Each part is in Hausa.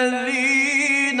الذين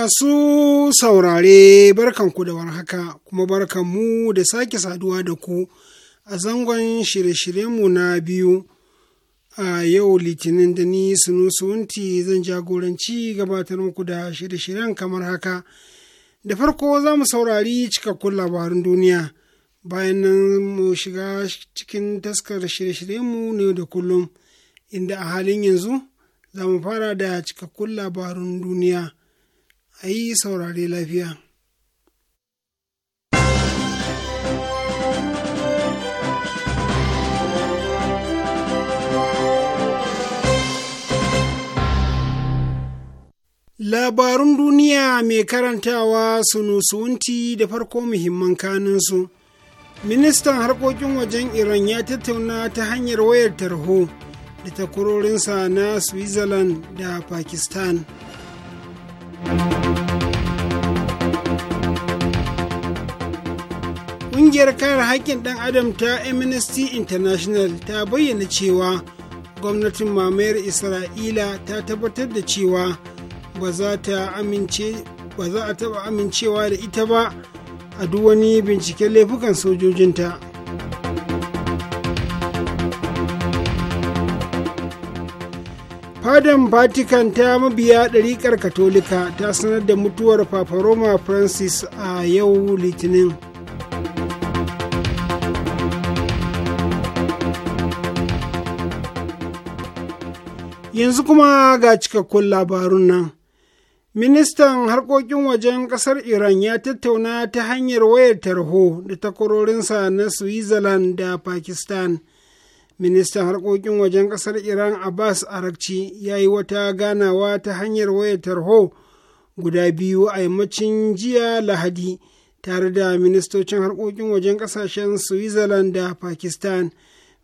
Masu saurare barkanku da warhaka kuma barkanmu da sake saduwa da ku a zangon shirye-shiryenmu na biyu a yau litinin da ni sunusunti zan jagoranci gabatar muku da shirye-shiryen kamar haka. Da farko za mu saurari cikakkun labarin duniya bayan nan mu shiga cikin taskar shirye-shiryenmu ne da kullum inda a halin yanzu za mu fara da cikakkun labarun duniya. a yi saurare lafiya. Labarun duniya mai karantawa su sunusunti da farko muhimman kaninsu. Ministan harkokin wajen Iran ya tattauna ta hanyar wayar tarho da takwarorinsa na Switzerland da Pakistan. Ƙungiyar kare haƙƙin ɗan adam ta Amnesty International ta bayyana cewa gwamnatin mamayar Isra'ila ta tabbatar da cewa ba za ta amince ba za a taɓa amincewa da ita ba a duk wani binciken laifukan sojojinta. fadan vatican ta mabiya ɗariƙar katolika ta sanar da mutuwar papa roma francis a yau litinin Yanzu kuma ga cikakkun labarun nan. Ministan harkokin wajen kasar Iran ya tattauna ta hanyar wayar tarho da takwarorinsa na Switzerland da Pakistan. Ministan harkokin wajen kasar Iran Abbas Arakci ya yi wata ganawa ta hanyar wayar tarho guda biyu a yammacin jiya Lahadi tare da ministocin harkokin wajen kasashen Switzerland da Pakistan.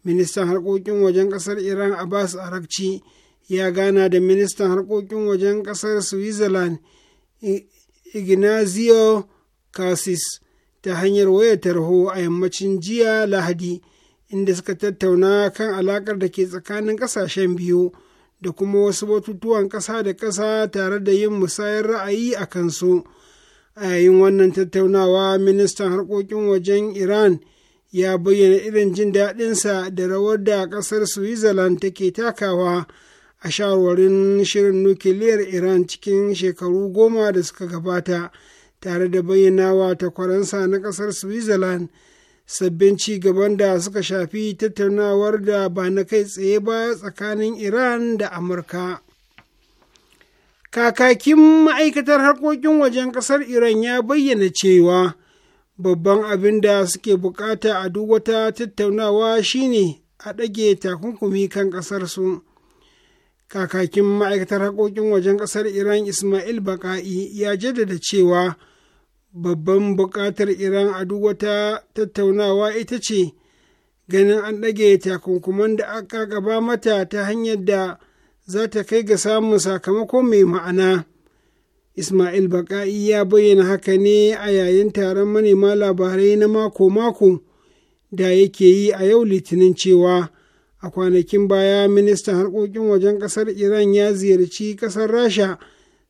Ministan harkokin wajen kasar Iran Abbas Arakci. ya gana da ministan harkokin wajen kasar switzerland ignazio cassis ta hanyar wayar tarho a yammacin jiya lahadi inda suka tattauna kan alaƙar da ke tsakanin ƙasashen biyu da kuma wasu batutuwan ƙasa da ƙasa tare da yin musayar ra'ayi a kansu a yayin wannan tattaunawa ministan harkokin wajen iran ya bayyana irin jin daɗinsa da rawar da ƙasar switzerland take takawa a shawarwarin shirin nukiliyar iran cikin shekaru goma da suka gabata tare da bayyanawa takwaransa na ƙasar switzerland sabbin ci gaban da suka shafi tattaunawar da ba na kai tsaye ba tsakanin iran da amurka kakakin ma'aikatar harkokin wajen ƙasar iran ya bayyana cewa babban abin da suke bukata a duk wata tattaunawa shine a ɗage takunkumi kan ƙasarsu kakakin ma'aikatar haƙoƙin wajen ƙasar iran ismail baka'i ya jaddada cewa babban buƙatar iran a duk wata tattaunawa ita ce ganin an ɗage takunkuman da aka gaba mata ta hanyar da za ta kai ga samun sakamako mai ma'ana ismail baka'i ya bayyana haka ne a yayin taron manema labarai na mako-mako da yake yi a yau litinin cewa a kwanakin baya ministan harkokin wajen kasar iran ya ziyarci kasar rasha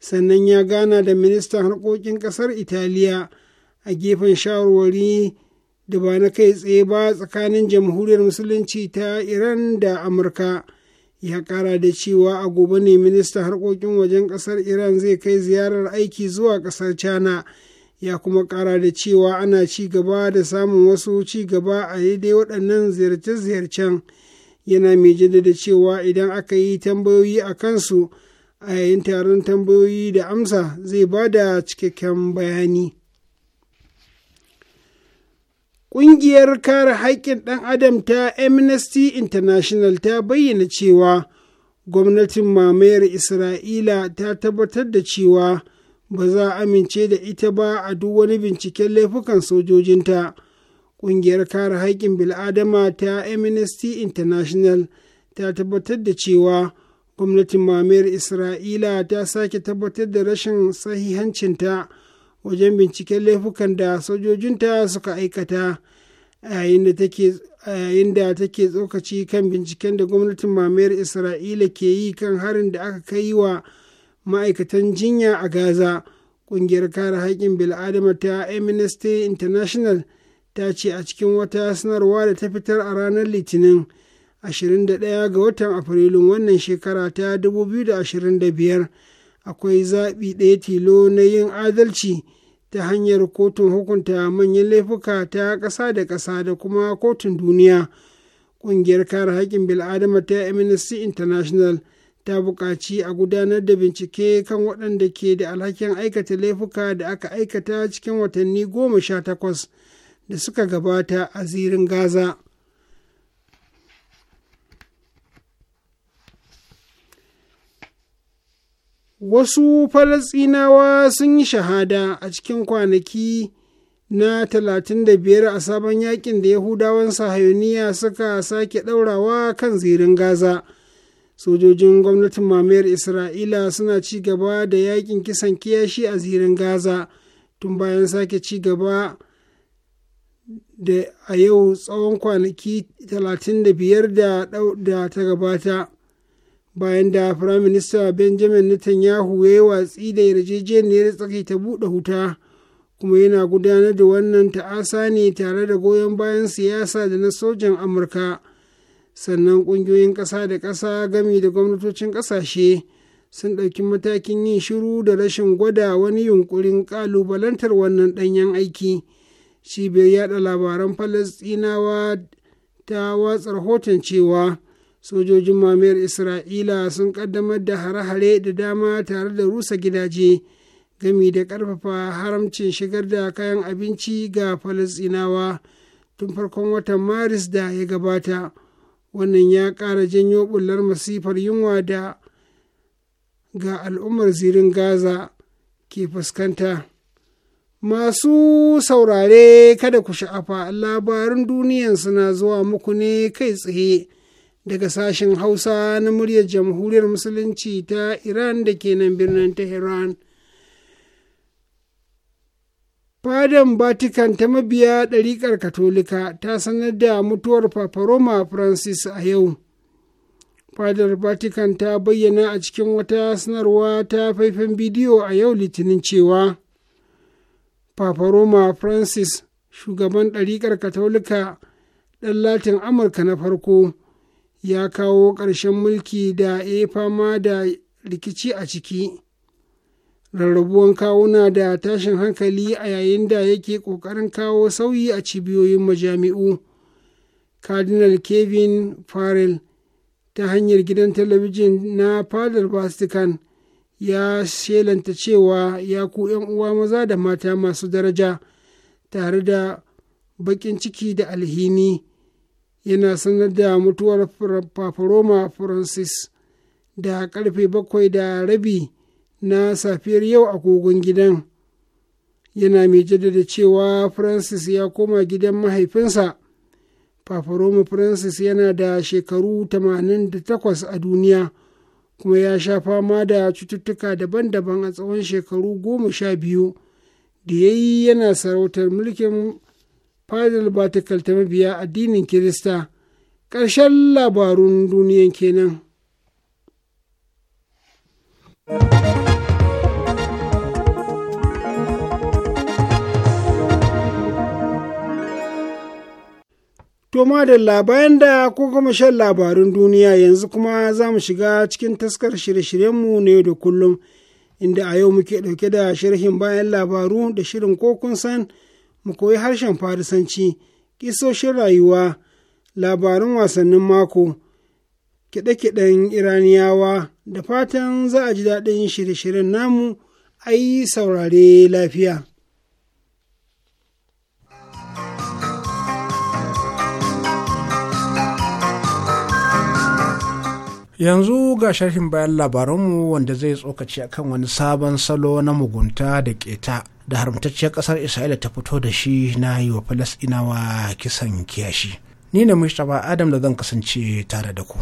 sannan ya gana da ministan harkokin kasar italiya a gefen shawarwari da ba na kai tsaye ba tsakanin jamhuriyar musulunci ta iran da amurka ya kara da cewa a gobe ne ministan harkokin wajen kasar iran zai kai ziyarar aiki zuwa kasar china ya kuma kara da cewa ana ci gaba da samun wasu ci gaba a daidai waɗannan ziyarce-ziyarcen. yana mai jaddada cewa idan aka yi tambayoyi a kansu a yayin taron tambayoyi da amsa zai ba da cikakken bayani Ƙungiyar kare haƙƙin ɗan adam ta Amnesty International ta bayyana cewa gwamnatin mamayar Isra'ila ta tabbatar da cewa ba za a amince da ita ba a duk wani binciken laifukan sojojinta. Ƙungiyar kare haƙƙin bil'adama ta Amnesty International ta tabbatar da cewa gwamnatin mamayar Isra'ila ta sake tabbatar da rashin sahihancinta wajen binciken laifukan da sojojinta suka aikata yayin da take tsokaci kan binciken da gwamnatin mamayar Isra'ila ke yi kan harin da aka kai wa ma'aikatan jinya a Gaza. Ƙungiyar kare haƙƙin bil'adama ta Amnesty International ta ce a cikin wata sanarwa da ta fitar a ranar litinin 21 ga watan afrilun wannan shekara ta 2025 akwai zaɓi ɗaya tilo na yin adalci ta hanyar kotun hukunta manyan laifuka ta ƙasa da ƙasa da kuma kotun duniya ƙungiyar kare haƙƙin bil'adama ta amnesty international ta buƙaci a gudanar da bincike kan waɗanda ke da alhakin aikata laifuka da aka aikata cikin watanni goma sha takwas da suka gabata a zirin gaza wasu falasinawa sun yi shahada a cikin kwanaki na 35 a sabon yakin da yahudawan sahayoniya suka sake ɗaurawa kan zirin gaza sojojin gwamnatin mamayar isra'ila suna cigaba da yakin kisan kiyashi a zirin gaza tun bayan sake ci gaba da a yau tsawon kwanaki 35 da ta gabata bayan da firaminista benjamin netanyahu ya yi watsi da yarjejeniyar tsaki ta buɗe huta kuma yana gudanar da wannan ta'asa ne tare da goyon bayan siyasa da na sojan amurka sannan ƙungiyoyin ƙasa da ƙasa gami da gwamnatocin ƙasashe sun ɗauki matakin yin shiru da rashin gwada wani yunkurin ƙalubalantar wannan ɗanyen aiki. cibiyar yada labaran falasɗinawa ta watsa rahoton cewa sojojin mamayar isra'ila sun kaddamar da hare-hare da dama tare da rusa gidaje gami da ƙarfafa haramcin shigar da kayan abinci ga falasɗinawa tun farkon watan maris da ya gabata wannan ya ƙara janyo bullar masifar yunwa da ga al'ummar zirin gaza ke fuskanta. Masu saurare kada ku sha'afa labarin duniyan suna zuwa muku ne kai tsaye daga sashen Hausa na muryar Jamhuriyar Musulunci ta Iran da ke nan birnin Tehran. Fadan Vatican ta mabiya ɗariƙar Katolika ta sanar da mutuwar Papa Roma Francis a yau. Fadar Vatican ta bayyana a cikin wata sanarwa ta faifan bidiyo a yau Litinin cewa. Roma Francis, shugaban ɗariƙar Katolika ɗan Latin Amurka na farko, ya kawo ƙarshen mulki da ya fama da rikici a ciki. Rarrabuwan kawuna da tashin hankali a yayin da yake ƙoƙarin kawo sauyi a cibiyoyin majami'u. Cardinal Kevin Farrell ta hanyar gidan talabijin na Fadar Vatican ya shelanta cewa ya ku ‘yan uwa maza da mata masu daraja tare da baƙin ciki da alhini yana sanar da mutuwar faforoma francis da karfe bakwai da rabi na safiyar yau a kogon gidan yana mai jaddada cewa francis ya koma gidan mahaifinsa faforoma francis yana da shekaru 88 a duniya kuma ya sha fama da cututtuka daban-daban a tsawon shekaru goma sha biyu da ya yi yana sarautar mulkin fadar batikal ta mabiya addinin kirista ƙarshen labarun duniyan kenan. To madalla bayan da ku gama shan labarin duniya yanzu kuma za mu shiga cikin taskar shirye-shiryenmu ne da kullum inda a yau muke ɗauke da sharhin bayan labaru da shirin ko kun san mu koyi harshen farisanci kisoshin rayuwa labarin wasannin mako kiɗe-kiɗen iraniyawa da fatan za a ji daɗin shirye-shiryen namu a yi saurare lafiya. yanzu ga sharhin bayan labaranmu wanda zai tsokaci akan wani sabon salo na mugunta da keta da haramtacciyar kasar isra'ila ta fito da shi na yi wa falasɗinawa kisan kiyashi ni ne mustapha adam da zan kasance tare da ku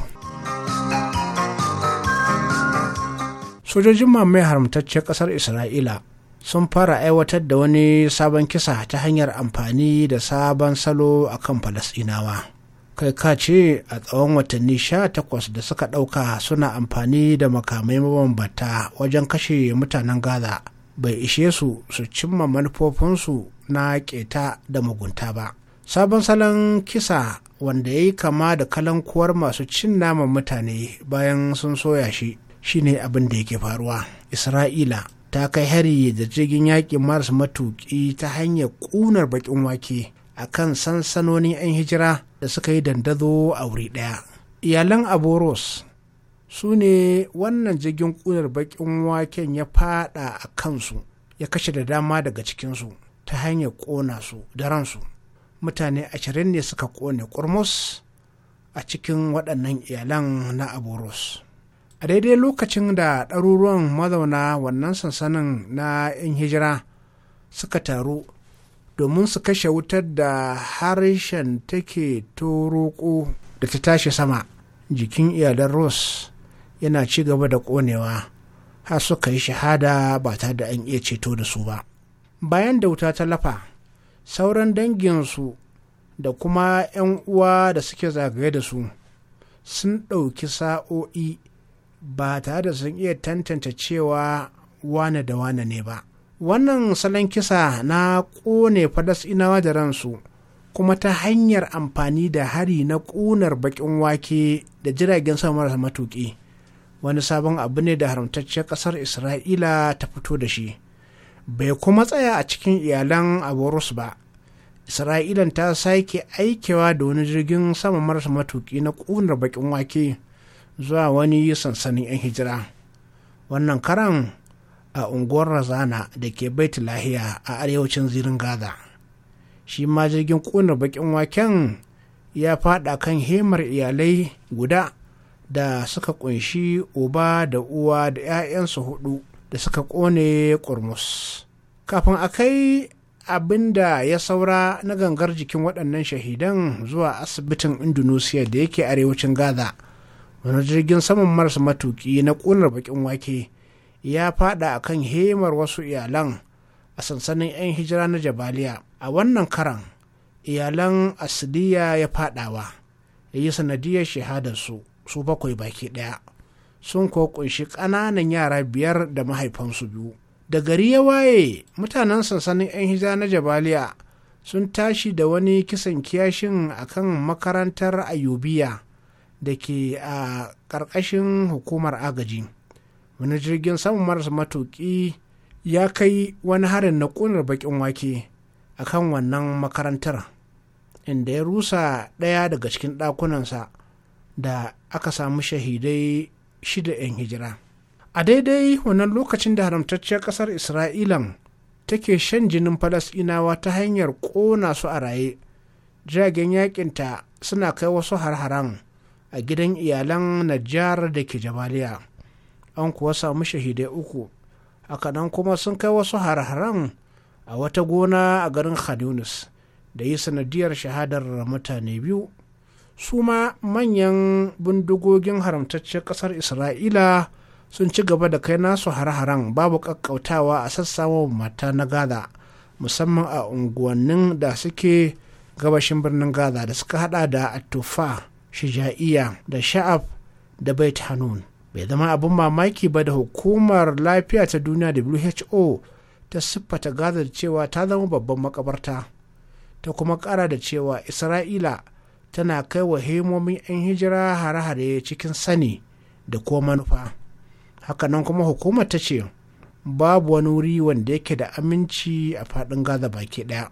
sojojin mamaye haramtacciyar kasar isra'ila sun fara aiwatar da wani sabon kisa ta hanyar amfani da sabon salo akan falasɗinawa kai ka ce a tsawon watanni sha takwas da suka ɗauka suna amfani da makamai mabambata wajen kashe mutanen gaza bai ishe su su cimma manufofinsu na keta da mugunta ba sabon salon kisa wanda ya yi kama da kalankuwar masu cin naman mutane bayan sun soya shi shine abin da yake faruwa isra'ila ta kai hari da jirgin yaƙin Mars matuƙi ta hanyar ƙunar baƙin wake a kan sansanonin 'yan hijira da suka yi dandazo a wuri ɗaya iyalan aboros su ne wannan jirgin ƙunar baƙin waken ya fada a kansu ya kashe da dama daga cikinsu ta hanyar ƙona su da ransu mutane ashirin ne suka ƙone ƙurmus a cikin waɗannan iyalan na aboros a daidai lokacin da ɗaruruwan mazauna wannan sansanin na 'yan hijira suka taru domin su kashe wutar da harshen take toroko da ta tashi sama jikin iyalan ross yana ci gaba da ƙonewa har suka yi shahada ba tare da an iya ceto da su ba bayan da wuta ta lafa sauran danginsu da kuma 'yan uwa da suke zagaye da su sun ɗauki sa'o'i ba tare da sun iya tantance cewa wane da wane ne ba wannan salon kisa na ƙone falasɗinawa da ransu kuma ta hanyar amfani da hari na ƙunar baƙin wake da jiragen sama marasa matuƙi wani sabon abu ne da haramtacciyar ƙasar isra'ila ta fito da shi bai kuma tsaya a cikin iyalan aborus ba isra'ilan ta sake aikewa da wani jirgin sama marasa matuki na ƙunar baƙin wake zuwa wani sansanin 'yan hijira wannan karan a unguwar razana da ke bait lahiya a arewacin zirin gaza shi ma jirgin ƙunar bakin waken ya fada kan hemar iyalai guda da suka kunshi uba da uwa da 'ya'yansu hudu da suka kone kurmus kafin a kai abin da ya saura na gangar jikin waɗannan shahidan zuwa asibitin indonesia da yake arewacin gaza wani jirgin saman marasa matuki na ƙunar bakin wake ya fada a kan hemar wasu iyalan a sansanin 'yan hijira na jabaliya a wannan karan iyalan asidiya ya fadawa ya yi sanadiyar shahadarsu su bakwai baki daya sun ko kunshi ƙananan yara biyar da mahaifansu biyu da gari ya waye mutanen sansanin 'yan hijira na jabaliya sun tashi da wani kisan kiyashin a kan makarantar ayubiya da ke a ƙarƙashin hukumar agaji wani jirgin samun marasa matuƙi ya kai wani harin na ƙunar baƙin wake a kan wannan makarantar inda ya rusa ɗaya daga cikin ɗakunansa da aka samu shahidai shida 'yan hijira a daidai wannan lokacin da haramtacciyar ƙasar isra'ilan take shan jinin falasɗinawa ta hanyar ƙona su a raye jiragen yaƙinta suna kai wasu har haran a gidan iyalan najjar da ke jabaliya an kuwa samu shahidai uku hakanan kuma sun kai wasu har-haren a wata gona a garin khanunis da yi sanadiyar shahadar mutane biyu su ma manyan bindigogin haramtaccen kasar isra'ila sun ci gaba da kai nasu har-haren babu ƙaƙƙautawa a sassawa mata na gaza musamman a unguwannin da suke gabashin birnin gaza da suka hada da atufa shija'iya da sha'af da bait hanun bai zama abin mamaki ba da hukumar lafiya ta duniya who ta siffata gaza da cewa ta zama babban makabarta ta kuma kara da cewa isra'ila tana kai wa himomin 'yan hijira hare-hare cikin sani da kuma manufa hakanan kuma hukumar ta ce babu wani wuri wanda yake da aminci a faɗin gaza baki ɗaya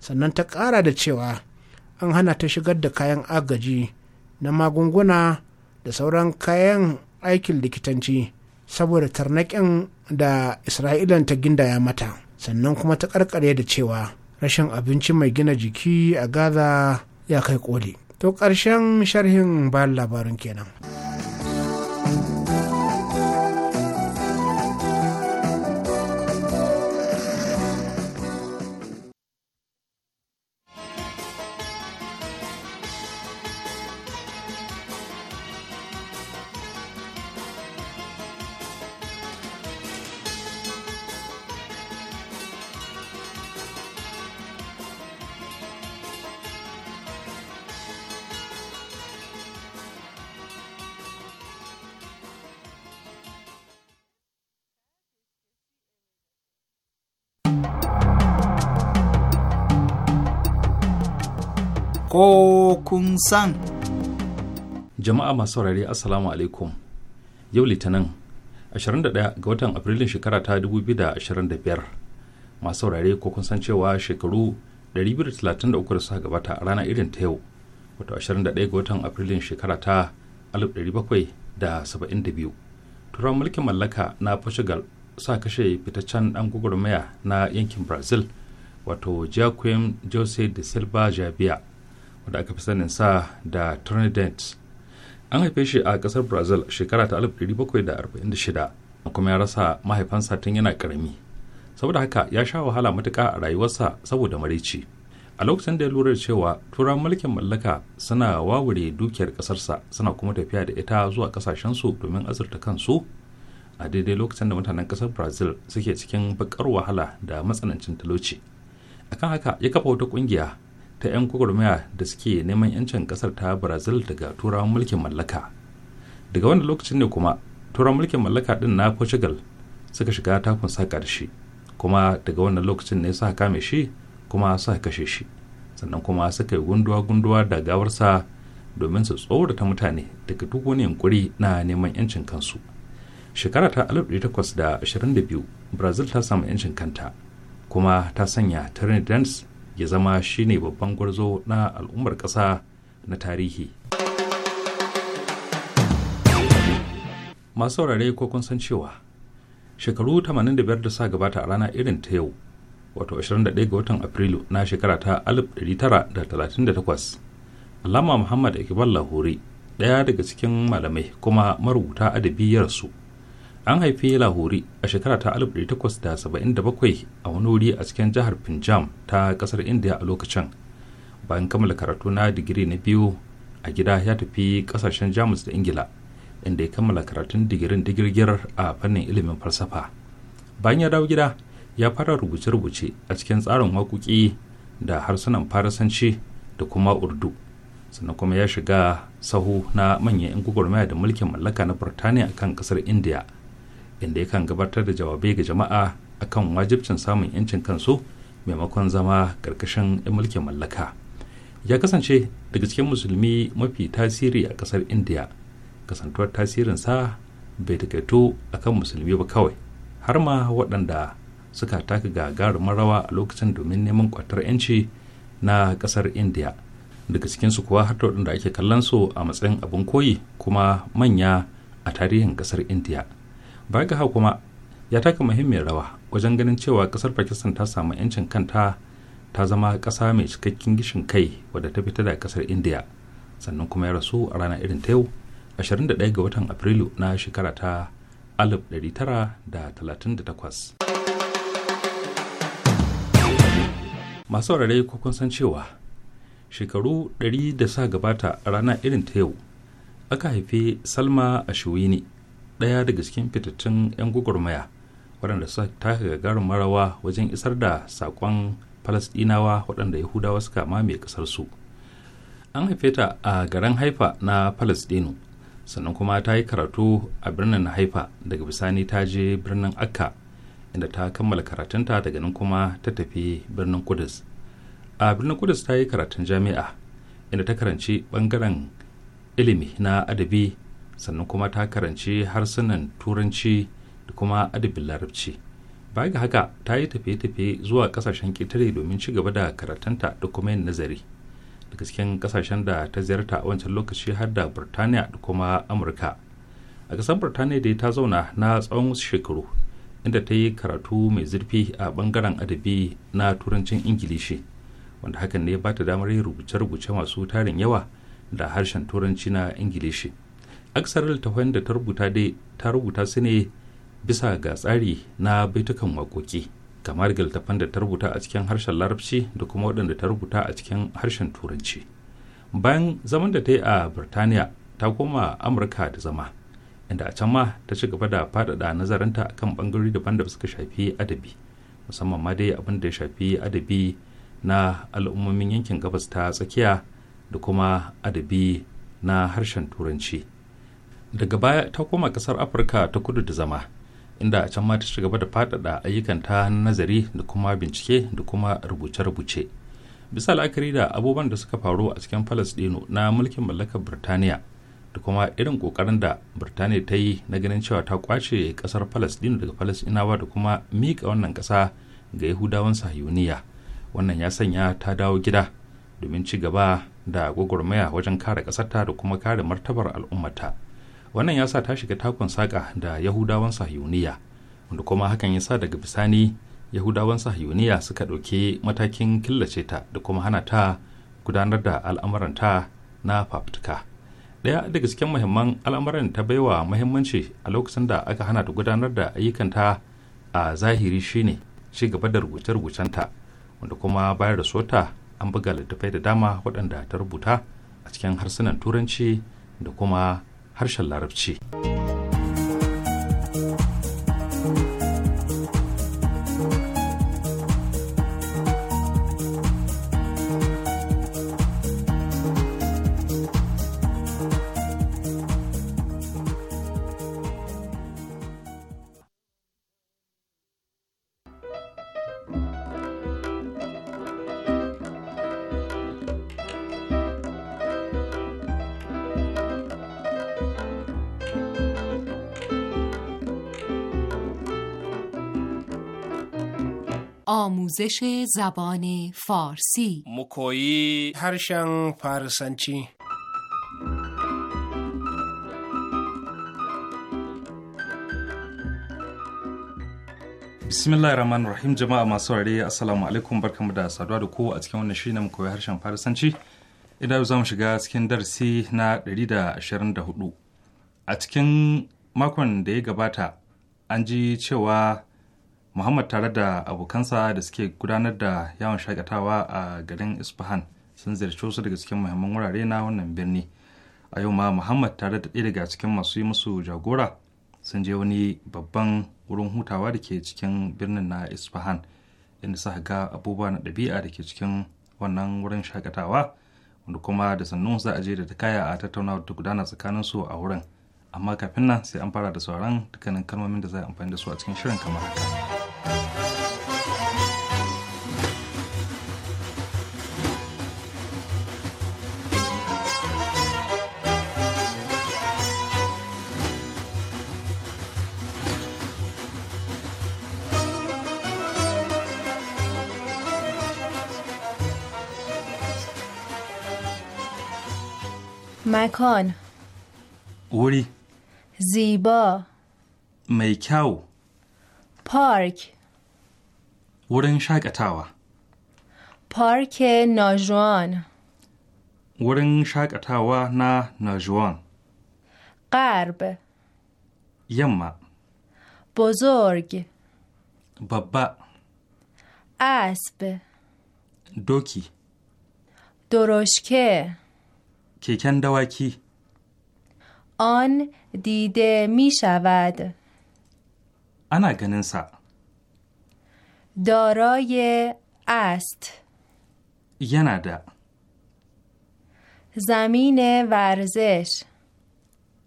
sannan ta ƙara da cewa an hana ta shigar da kayan agaji na magunguna da sauran kayan aikin likitanci saboda tarnaƙin da isra'ilan ta gindaya mata sannan kuma ta karkare da cewa rashin abinci mai gina jiki a gaza ya kai koli to ƙarshen sharhin bayan labarin kenan. ko kun san. Jama'a masu saurari Assalamu alaikum. Yau Litinin 21 ga watan Afrilun shekara ta 2025. Masu saurari ko kun san cewa shekaru 233 da suka gabata a rana irin ta yau. Wato 21 ga watan Afrilun shekara ta 1772. Turan mulkin mallaka na Portugal sa kashe fitaccen dan gwagwarmaya na yankin Brazil wato Joaquim Jose de Silva Jabia wanda aka fi sanin sa da trinidad an haife shi a ƙasar brazil shekara ta 1746 kuma ya rasa mahaifansa tun yana karami saboda haka ya sha wahala matuka a rayuwarsa saboda marici a lokacin da ya lura cewa turan mulkin mallaka suna wawure dukiyar ƙasarsa suna kuma tafiya da ita zuwa kasashensu domin azurta kansu a daidai lokacin da mutanen ƙasar brazil suke cikin bakar wahala da matsanancin talauci akan haka ya kafa wata ƙungiya. ta 'yan gwagwarmaya da suke neman 'yancin kasar ta brazil daga turawan mulkin mallaka daga wani lokacin ne kuma turawan mulkin mallaka din na portugal suka shiga takun saka da shi kuma daga wannan lokacin ne suka kame shi kuma suka kashe shi sannan kuma suka yi gunduwa-gunduwa da gawarsa domin su tsorata mutane daga duk wani yunkuri na neman 'yancin kansu shekara ta da da biyu brazil ta samu 'yancin kanta kuma ta sanya trinidad ya zama shine babban gwarzo na al'ummar ƙasa na tarihi masu saurare ko kun san cewa shekaru 85 da sa gabata a rana irin ta yau wato 21 ga watan afrilu na shekara ta 1938 alama muhammad iqbal lahore ɗaya daga cikin malamai kuma marubuta adabi ya an haifi lahori a shekara ta 1877 a wani wuri a cikin jihar punjab ta kasar india a lokacin bayan kammala karatu na digiri na biyu a gida ya tafi kasashen jamus da ingila inda ya kammala karatun digirin digirgir a fannin ilimin falsafa bayan ya dawo gida ya fara rubuce-rubuce a cikin tsarin waƙoƙi da harsunan farasanci da kuma urdu sannan kuma ya shiga sahu na manyan 'yan gwagwarmaya da mulkin mallaka na burtaniya kan kasar india inda yakan gabatar da jawabai ga jama'a akan wajibcin samun 'yancin kansu maimakon zama karkashin 'yan mulkin mallaka ya kasance daga cikin musulmi mafi tasiri a kasar indiya kasantuwar tasirinsa bai takaito kan musulmi ba kawai har ma waɗanda suka taka gagarumin rawa a lokacin domin neman kwatar 'yanci na kasar indiya daga cikinsu kuwa har waɗanda ake kallon su a matsayin abin koyi kuma manya a tarihin kasar indiya baga ga kuma ya taka muhimmiyar rawa wajen ganin cewa kasar pakistan ta samu 'yancin kanta ta zama kasa mai cikakken gishin kai wadda ta fita da kasar india sannan kuma ya rasu a rana irin ta yau 21 ga watan afrilu na shekara ta 1938 masu wararai ko kun san cewa shekaru 100 da sa gabata a rana irin ta yau aka haife salma a ɗaya daga cikin fitattun 'yan gwagwarmaya waɗanda ta taka gagarin marawa wajen isar da saƙon falasɗinawa waɗanda yahudawa suka mame ƙasarsu an haife ta a garin haifa na falasɗinu sannan kuma ta yi karatu a birnin haifa daga bisani ta je birnin akka inda ta kammala karatunta daga nan kuma ta tafi birnin kudus a birnin kudus ta yi karatun jami'a inda ta karanci bangaren ilimi na adabi sannan kuma ta karanci harsunan turanci da kuma adabin larabci baya ga haka ta yi tafiye-tafiye zuwa kasashen ƙetare domin ci gaba da karatunta da kuma yin nazari daga cikin kasashen da ta ziyarta a wancan lokaci har da burtaniya da kuma amurka a ƙasar burtaniya dai ta zauna na tsawon wasu shekaru inda ta yi karatu mai zurfi a bangaren adabi na turancin ingilishi wanda hakan ne ba ta damar yin rubuce-rubuce masu tarin yawa da harshen turanci na ingilishi aksar littafan da ta rubuta dai ta rubuta su ne bisa ga tsari na baitukan waƙoƙi kamar ga littafan da ta rubuta a cikin harshen larabci da kuma waɗanda ta rubuta a cikin harshen turanci bayan zaman da ta yi a birtaniya ta koma amurka da zama inda a can ma ta ci gaba da faɗaɗa nazarinta kan ɓangarori daban da suka shafi adabi musamman ma dai abin da ya shafi adabi na al'ummomin yankin gabas ta tsakiya da kuma adabi na harshen turanci daga baya ta koma kasar afirka ta kudu da zama inda a can ma ta da da faɗaɗa ayyukanta nazari da kuma bincike da kuma rubuce-rubuce bisa la'akari da abubuwan da suka faru a cikin falasɗinu na mulkin mallakar birtaniya da kuma irin kokarin da birtaniya ta yi na ganin cewa ta kwace kasar dino daga inawa da kuma miƙa wannan kasa ga yahudawan sahiyuniya wannan ya sanya ta dawo gida domin ci gaba da gwagwarmaya wajen kare kasarta da kuma kare martabar al'ummata wannan ya sa ta shiga takon saƙa da yahudawan sahiyuniya wanda kuma hakan ya sa daga bisani yahudawan sahiyuniya suka ɗauki matakin killace ta da kuma hana ta gudanar da al'amuranta na fafutuka ɗaya daga cikin muhimman al'amuran ta baiwa muhimmanci a lokacin da aka hana ta gudanar da ayyukanta a zahiri shine ci gaba da rubuce-rubucenta wanda kuma bayar da sota an buga littattafai da dama waɗanda ta rubuta a cikin harsunan turanci da kuma harshen larabci. آموزش زبان فارسی مکویی هرشن فارسنچی bismillah rahman rahim jama'a masu rare assalamu alaikum barkamu da saduwa da ko a cikin wannan shiri na koyi harshen farisanci idan yau za mu shiga cikin darasi na 124 a cikin makon da ya gabata an ji cewa muhammad tare da abokansa da suke gudanar da yawon shakatawa a garin isfahan sun ziyarci wasu daga cikin muhimman wurare na wannan birni a yau ma muhammad tare da ɗaya daga cikin masu yi musu jagora sun je wani babban wurin hutawa da ke cikin birnin na isfahan inda sa ga abubuwa na ɗabi'a da ke cikin wannan wurin shakatawa wanda kuma da sannu za a je da ta kaya a tattaunawa da gudana tsakanin su a wurin amma kafin nan sai an fara da sauran dukkanin kalmomin da za a amfani da su a cikin shirin kamar haka مکان وری زیبا میکاو پارک ورن شاکتاوا پارک ناجوان ورن شاکتاوا نا ناجوان قرب یما بزرگ بابا اسب دوکی درشکه کیکن دواکی آن دیده می شود انا گننسا دارای است یندا زمین ورزش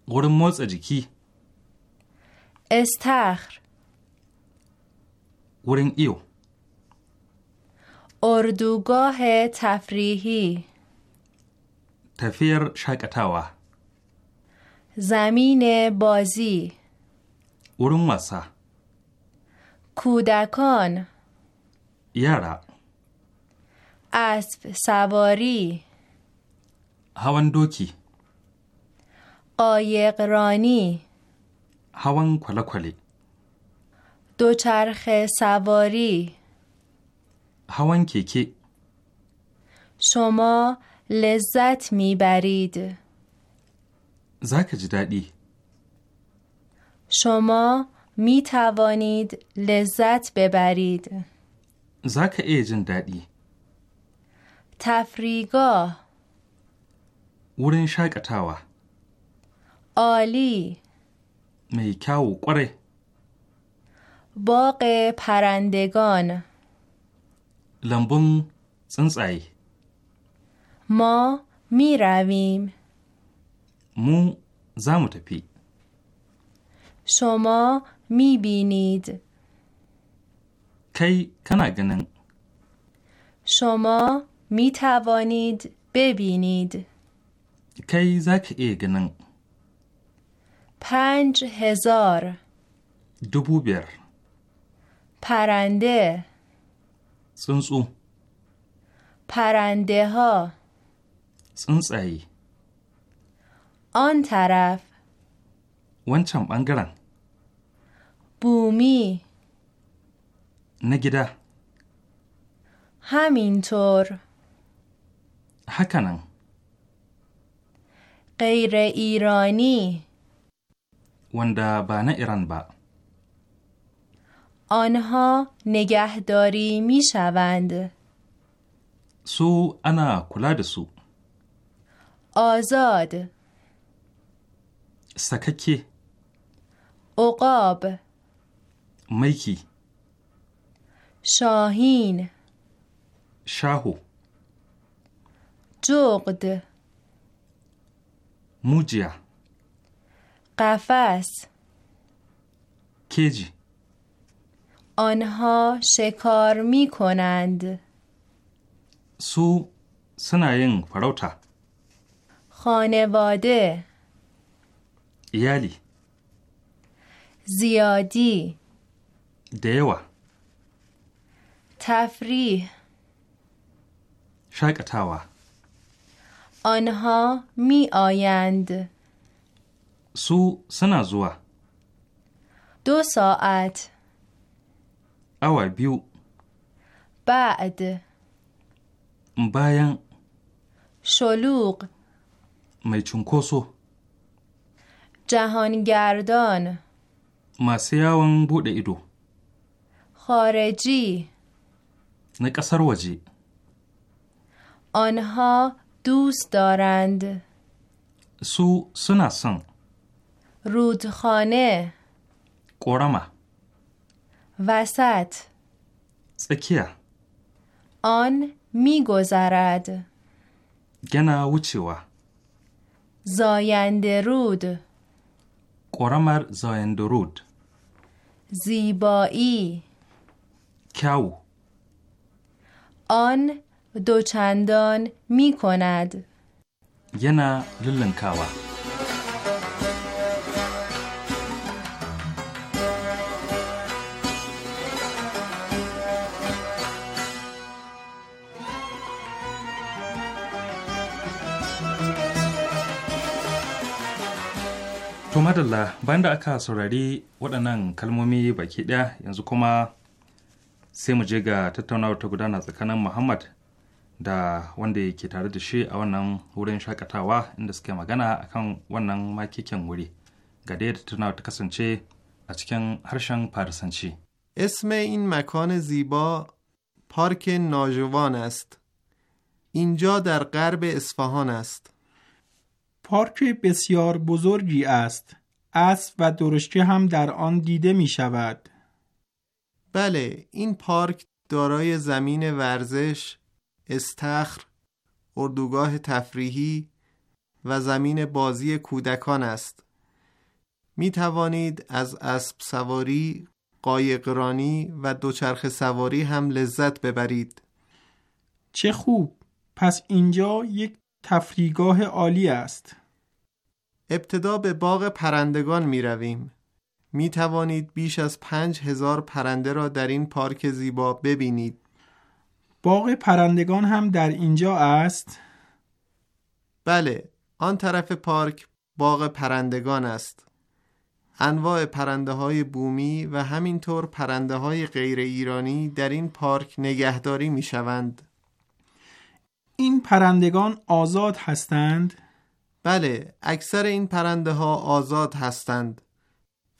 قرم موز جیکی استخر قرن ایو اردوگاه تفریحی تفیر شاکتاوا زمین بازی ورون کودکان یارا اسب سواری هواندوکی قایق رانی هوان کلی دوچرخ سواری هوان کیکی شما لذت میبرید جی دادی. شما می توانید لذت ببرید زاک ایجن دادی تفریگاه ورن شاکتاوا عالی می قره باغ پرندگان لمبون تسنتسایه ما می رویم مو زمت پی. شما می بینید کی کنگنن شما می توانید ببینید کی زک ایگنن پنج هزار دوبو بیر پرنده سنسو پرنده ها tsuntsaye. On taraf. Wancan ɓangaren. Bumi. Na gida. Hamintor. Hakanan. Ƙaire Irani. Wanda ba na Iran ba. آنها نگهداری می شوند. سو انا کلا سو آزاد سککی اقاب میکی شاهین شاهو جغد موجیا قفس کیجی آنها شکار می کنند سو سناین فروتا خانواده یالی زیادی دیوا تفریح شاکتاوا آنها می آیند سو سنازوا دو ساعت اوا بیو بعد باین شلوغ mai چونکوسو جهانگردان masu بوده ایدو خارجی نکسر وجی آنها دوست دارند. سو سنا رودخانه قرمه وسط سکیه آن میگذرد گنا وچیوه زاینده رود قرمر زاینده رود زیبایی کو آن دوچندان می کند یه للنکاوه To madalla bayan da aka saurari waɗannan kalmomi baki ɗaya yanzu kuma sai mu je ga tattaunawar ta gudana tsakanin Muhammad da wanda yake tare da shi a wannan wurin shakatawa inda suke magana akan wannan makikin wuri ga da tattaunawar ta kasance a cikin harshen Farisanci. Isme in مکان ziba پارک ناژوان است. اینجا در غرب پارک بسیار بزرگی است. اسب و درشکه هم در آن دیده می شود. بله، این پارک دارای زمین ورزش، استخر، اردوگاه تفریحی و زمین بازی کودکان است. می توانید از اسب سواری، قایقرانی و دوچرخه سواری هم لذت ببرید. چه خوب! پس اینجا یک تفریگاه عالی است. ابتدا به باغ پرندگان می رویم. می توانید بیش از پنج هزار پرنده را در این پارک زیبا ببینید. باغ پرندگان هم در اینجا است؟ بله، آن طرف پارک باغ پرندگان است. انواع پرنده های بومی و همینطور پرنده های غیر ایرانی در این پارک نگهداری می شوند. این پرندگان آزاد هستند؟ بله، اکثر این پرنده ها آزاد هستند.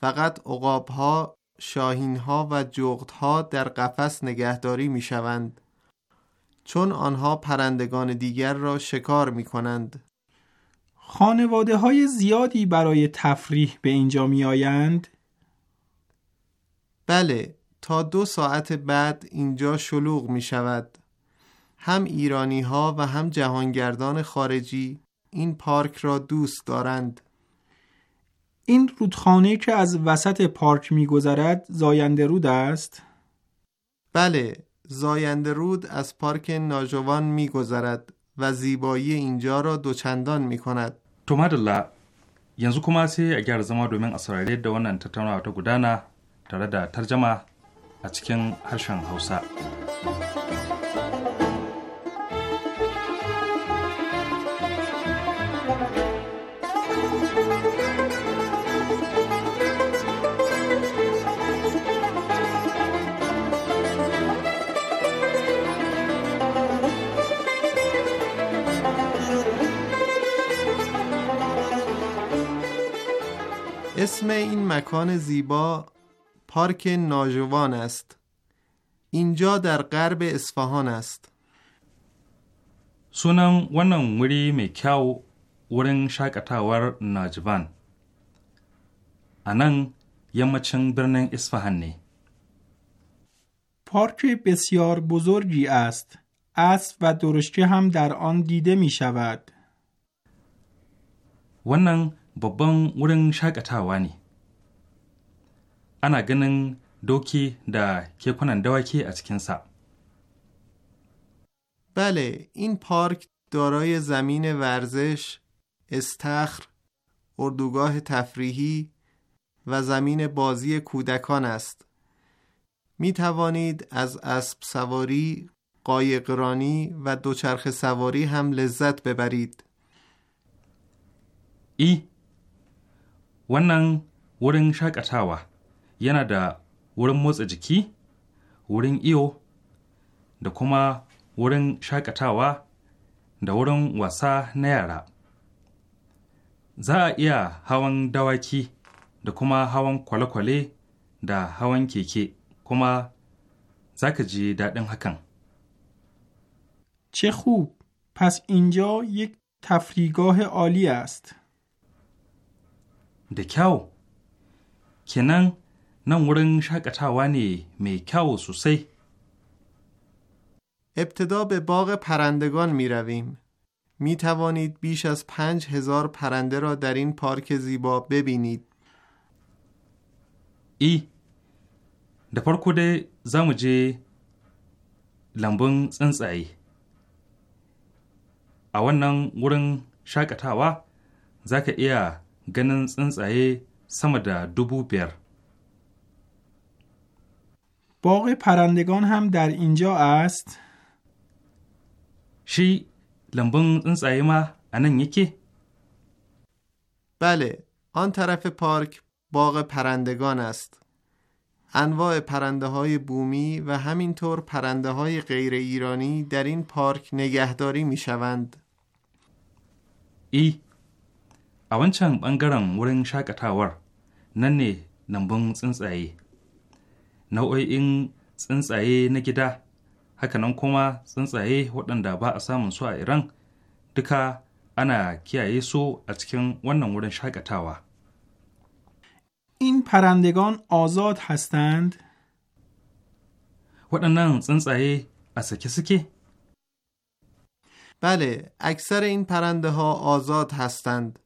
فقط اقاب ها، شاهین ها و جغت ها در قفس نگهداری می شوند. چون آنها پرندگان دیگر را شکار می کنند. خانواده های زیادی برای تفریح به اینجا می آیند؟ بله، تا دو ساعت بعد اینجا شلوغ می شود. هم ایرانی ها و هم جهانگردان خارجی این پارک را دوست دارند. این رودخانه که از وسط پارک میگذرد زاینده رود است؟ بله، زاینده رود از پارک ناجوان میگذرد و زیبایی اینجا را دوچندان می کند. تو مدلا yanzu اگر زما دومین gyara د domin a saurari yadda wannan ترجمه ta gudana اسم این مکان زیبا پارک ناجوان است اینجا در غرب اصفهان است سونم ونن وری می کیاو ورن شاکتاور ناجوان انن یمچن برنن اصفهان نی پارک بسیار بزرگی است اسب و درشکه هم در آن دیده می شود ونن babban wurin shakatawa ne ana ganin doki da kekunan dawaki a cikinsa بله این پارک دارای زمین ورزش، استخر، اردوگاه تفریحی و زمین بازی کودکان است. می توانید از اسب سواری، قایقرانی و دوچرخه سواری هم لذت ببرید. ای wannan wurin shakatawa yana da wurin motsa jiki wurin iyo da kuma wurin shakatawa da wurin wasa na yara za a iya hawan dawaki da kuma hawan kwale-kwale da hawan keke kuma za ka ji daɗin hakan. چه خوب پس اینجا یک تفریگاه عالی است. da kyau kenan nan wurin shakatawa ne mai kyau sosai. ابتدا به باغ پرندگان می رویم. می توانید بیش از پنج هزار پرنده را در این پارک زیبا ببینید. ای در پارکو ده زموجه لنبون سنس ای. اوان نان گرن شاکتا وا زاک ایا ganin tsuntsaye sama da dubu باغ پرندگان هم در اینجا است؟ شی لمبن ما انن یکی؟ بله آن طرف پارک باغ پرندگان است انواع پرنده های بومی و همینطور پرنده های غیر ایرانی در این پارک نگهداری می ای a wancan bangaren wurin shakatawar nan ne lambun tsuntsaye nau'o'in tsuntsaye na gida hakanan kuma tsuntsaye waɗanda ba a samun su a iran duka ana kiyaye su a cikin wannan wurin shakatawa In farandegon azad hastand waɗannan tsuntsaye a sake suke؟ بله اکثر این پرنده ها آزاد هستند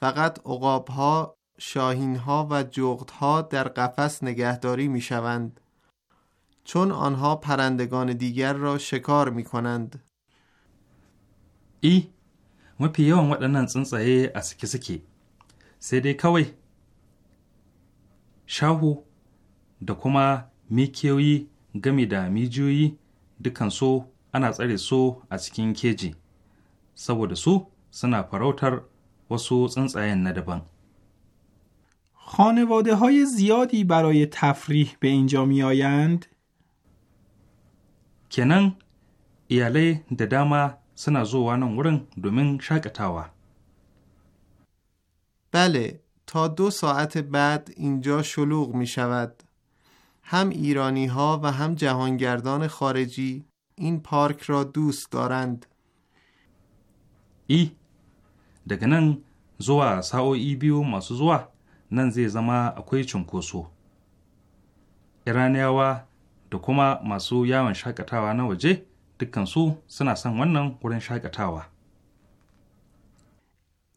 فقط اقاب ها، شاهین ها و جغت ها در قفس نگهداری می شوند. چون آنها پرندگان دیگر را شکار می کنند. ای، ما پیوان وقت سن سنسا از کسکی. سیده کوی. شاهو، دکوما میکیوی گمی دا میجوی دکن سو، انا سو از سو wasu tsuntsayen na خانواده های زیادی برای تفریح به اینجا می آیند؟ کنن ایاله دداما سنا زوانان ورن دومین شاکتاوا بله تا دو ساعت بعد اینجا شلوغ می شود هم ایرانی ها و هم جهانگردان خارجی این پارک را دوست دارند ای daga nan zuwa sa'o'i biyu masu zuwa nan zai zama akwai cunkoso iraniyawa da kuma masu yawon shakatawa na waje dukkansu suna son wannan wurin shakatawa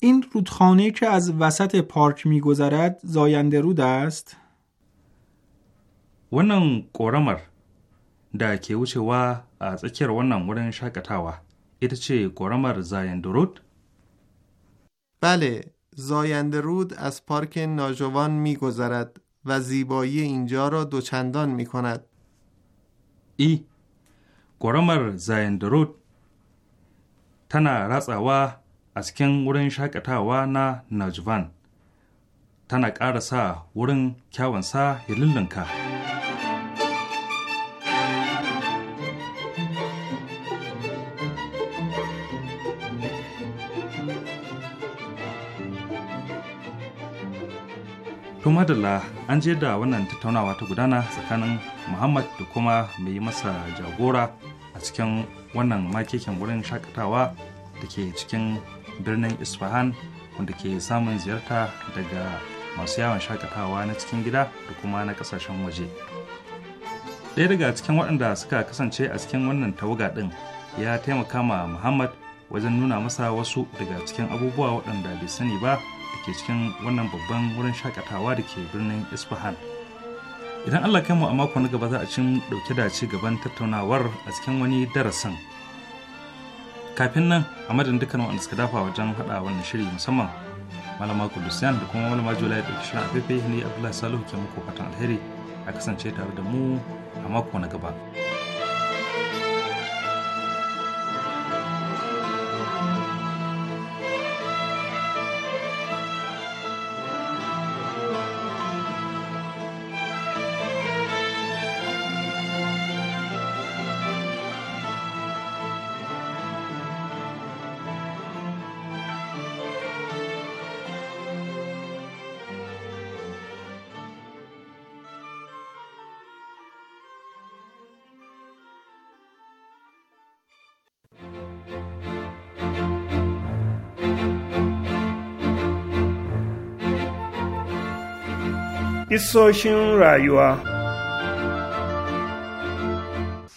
این رودخانه که از وسط پارک میگذرد زاینده رود است wannan ƙoramar da ke wucewa a tsakiyar wannan wurin shakatawa ita ce ƙoramar zayen road بله زاینده رود از پارک ناجوان میگذرد و زیبایی اینجا را دوچندان می کند ای گرامر زاینده رود تنا اوا از کن ورن شاکتاوا نا ناجوان تنا کارسا ورن کیاونسا یللنکا To madalla an je da wannan tattaunawa ta gudana tsakanin Muhammad da kuma mai masa jagora a cikin wannan makekin wurin shakatawa da ke cikin birnin Isfahan wanda ke samun ziyarta daga masu yawon shakatawa na cikin gida da kuma na kasashen waje. Ɗaya daga cikin waɗanda suka kasance a cikin wannan tawaga ɗin ya taimaka ma Muhammad wajen nuna masa wasu daga cikin abubuwa waɗanda bai sani ba ke cikin wannan babban wurin shakatawa da ke birnin isfahan idan allah kai mu a mako na gaba za a cin dauke da ci gaban tattaunawar a cikin wani darasin kafin nan a madadin dukkan wanda suka dafa wajen hada wannan shiri musamman malama kudusiyan da kuma malama julai da shirin afefe ne abdullahi salihu ke muku fatan alheri a kasance tare da mu a mako na gaba. Isoshin rayuwa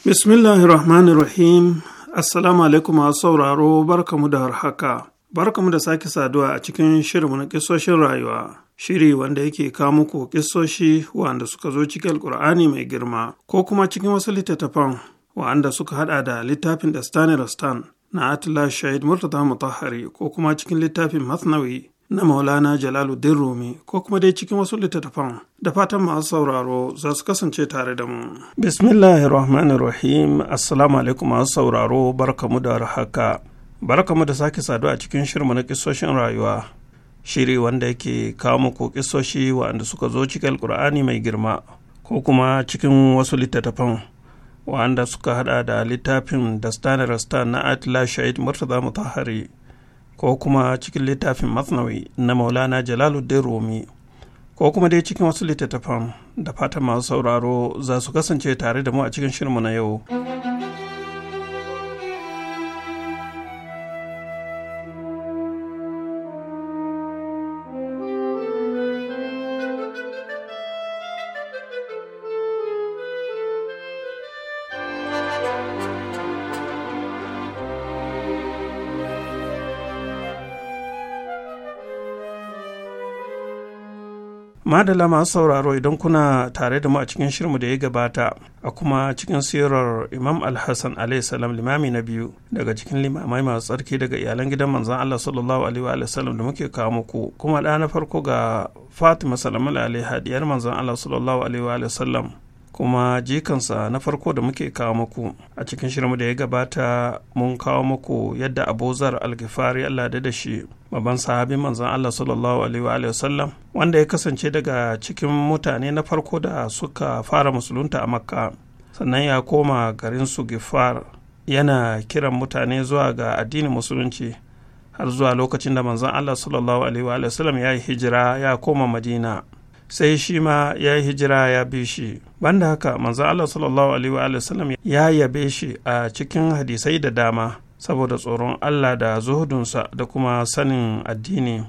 Bismillahirrahmanirrahim Assalamu alaikum a sauraro barkamu da harhaka. Barkamu da sake saduwa a cikin shirinmu na kisoshin rayuwa. Shiri wanda yake kawo muku kisoshi wanda suka zo cikin Alkur'ani mai girma ko kuma cikin wasu littattafan wanda suka hada da littafin da Stanley Stan na Atila Shahid Murtaza Mutahari ko kuma cikin littafin Masnawi na maulana jalaluddin rumi ko kuma dai cikin wasu littattafan da fatan masu sauraro za su kasance tare da mu rahim assalamu alaikum masu sauraro barkamu da haka barkamu da sake sadu a cikin shirma na kisoshin rayuwa shiri wanda yake kawo ko kisoshi waanda suka zo cikin alkur'ani mai girma ko kuma cikin wasu littattafan wa'anda suka hada da littafin da na atla shahid murtaza mutahari ko kuma cikin littafin masnawi na maulana jalaluddin rumi ko kuma dai cikin wasu littattafan da fatan masu sauraro za su kasance tare da mu a cikin shirinmu na yau. madala masu sauraro idan kuna tare da mu a cikin shirmu da ya gabata a kuma cikin sirar imam alhassan salam limami na biyu daga cikin limamai masu tsarki daga iyalan gidan manzan allah sallallahu alaihi wa sallam da muke kawo muku kuma ɗa na farko ga fatima salamu alaihi hadiyar manzan allah sallallahu alaihi wa sallam kuma jikansa na farko da muke kawo muku a cikin shirinmu da ya gabata mun kawo muku yadda abuzar algifari allah da shi babban sahabin manzan allah sallallahu alaihi wa sallam wanda ya kasance daga cikin mutane na farko da suka fara musulunta a makka sannan ya koma garin su gifar yana kiran mutane zuwa ga addinin musulunci har zuwa lokacin da manzan allah sallallahu alaihi wa sallam ya yi hijira ya koma madina sai shi ma ya yi hijira ya bi shi banda haka manzo Allah sallallahu alaihi wa sallam ya yabe shi a cikin hadisai da dama saboda tsoron Allah da zuhudunsa da kuma sanin addini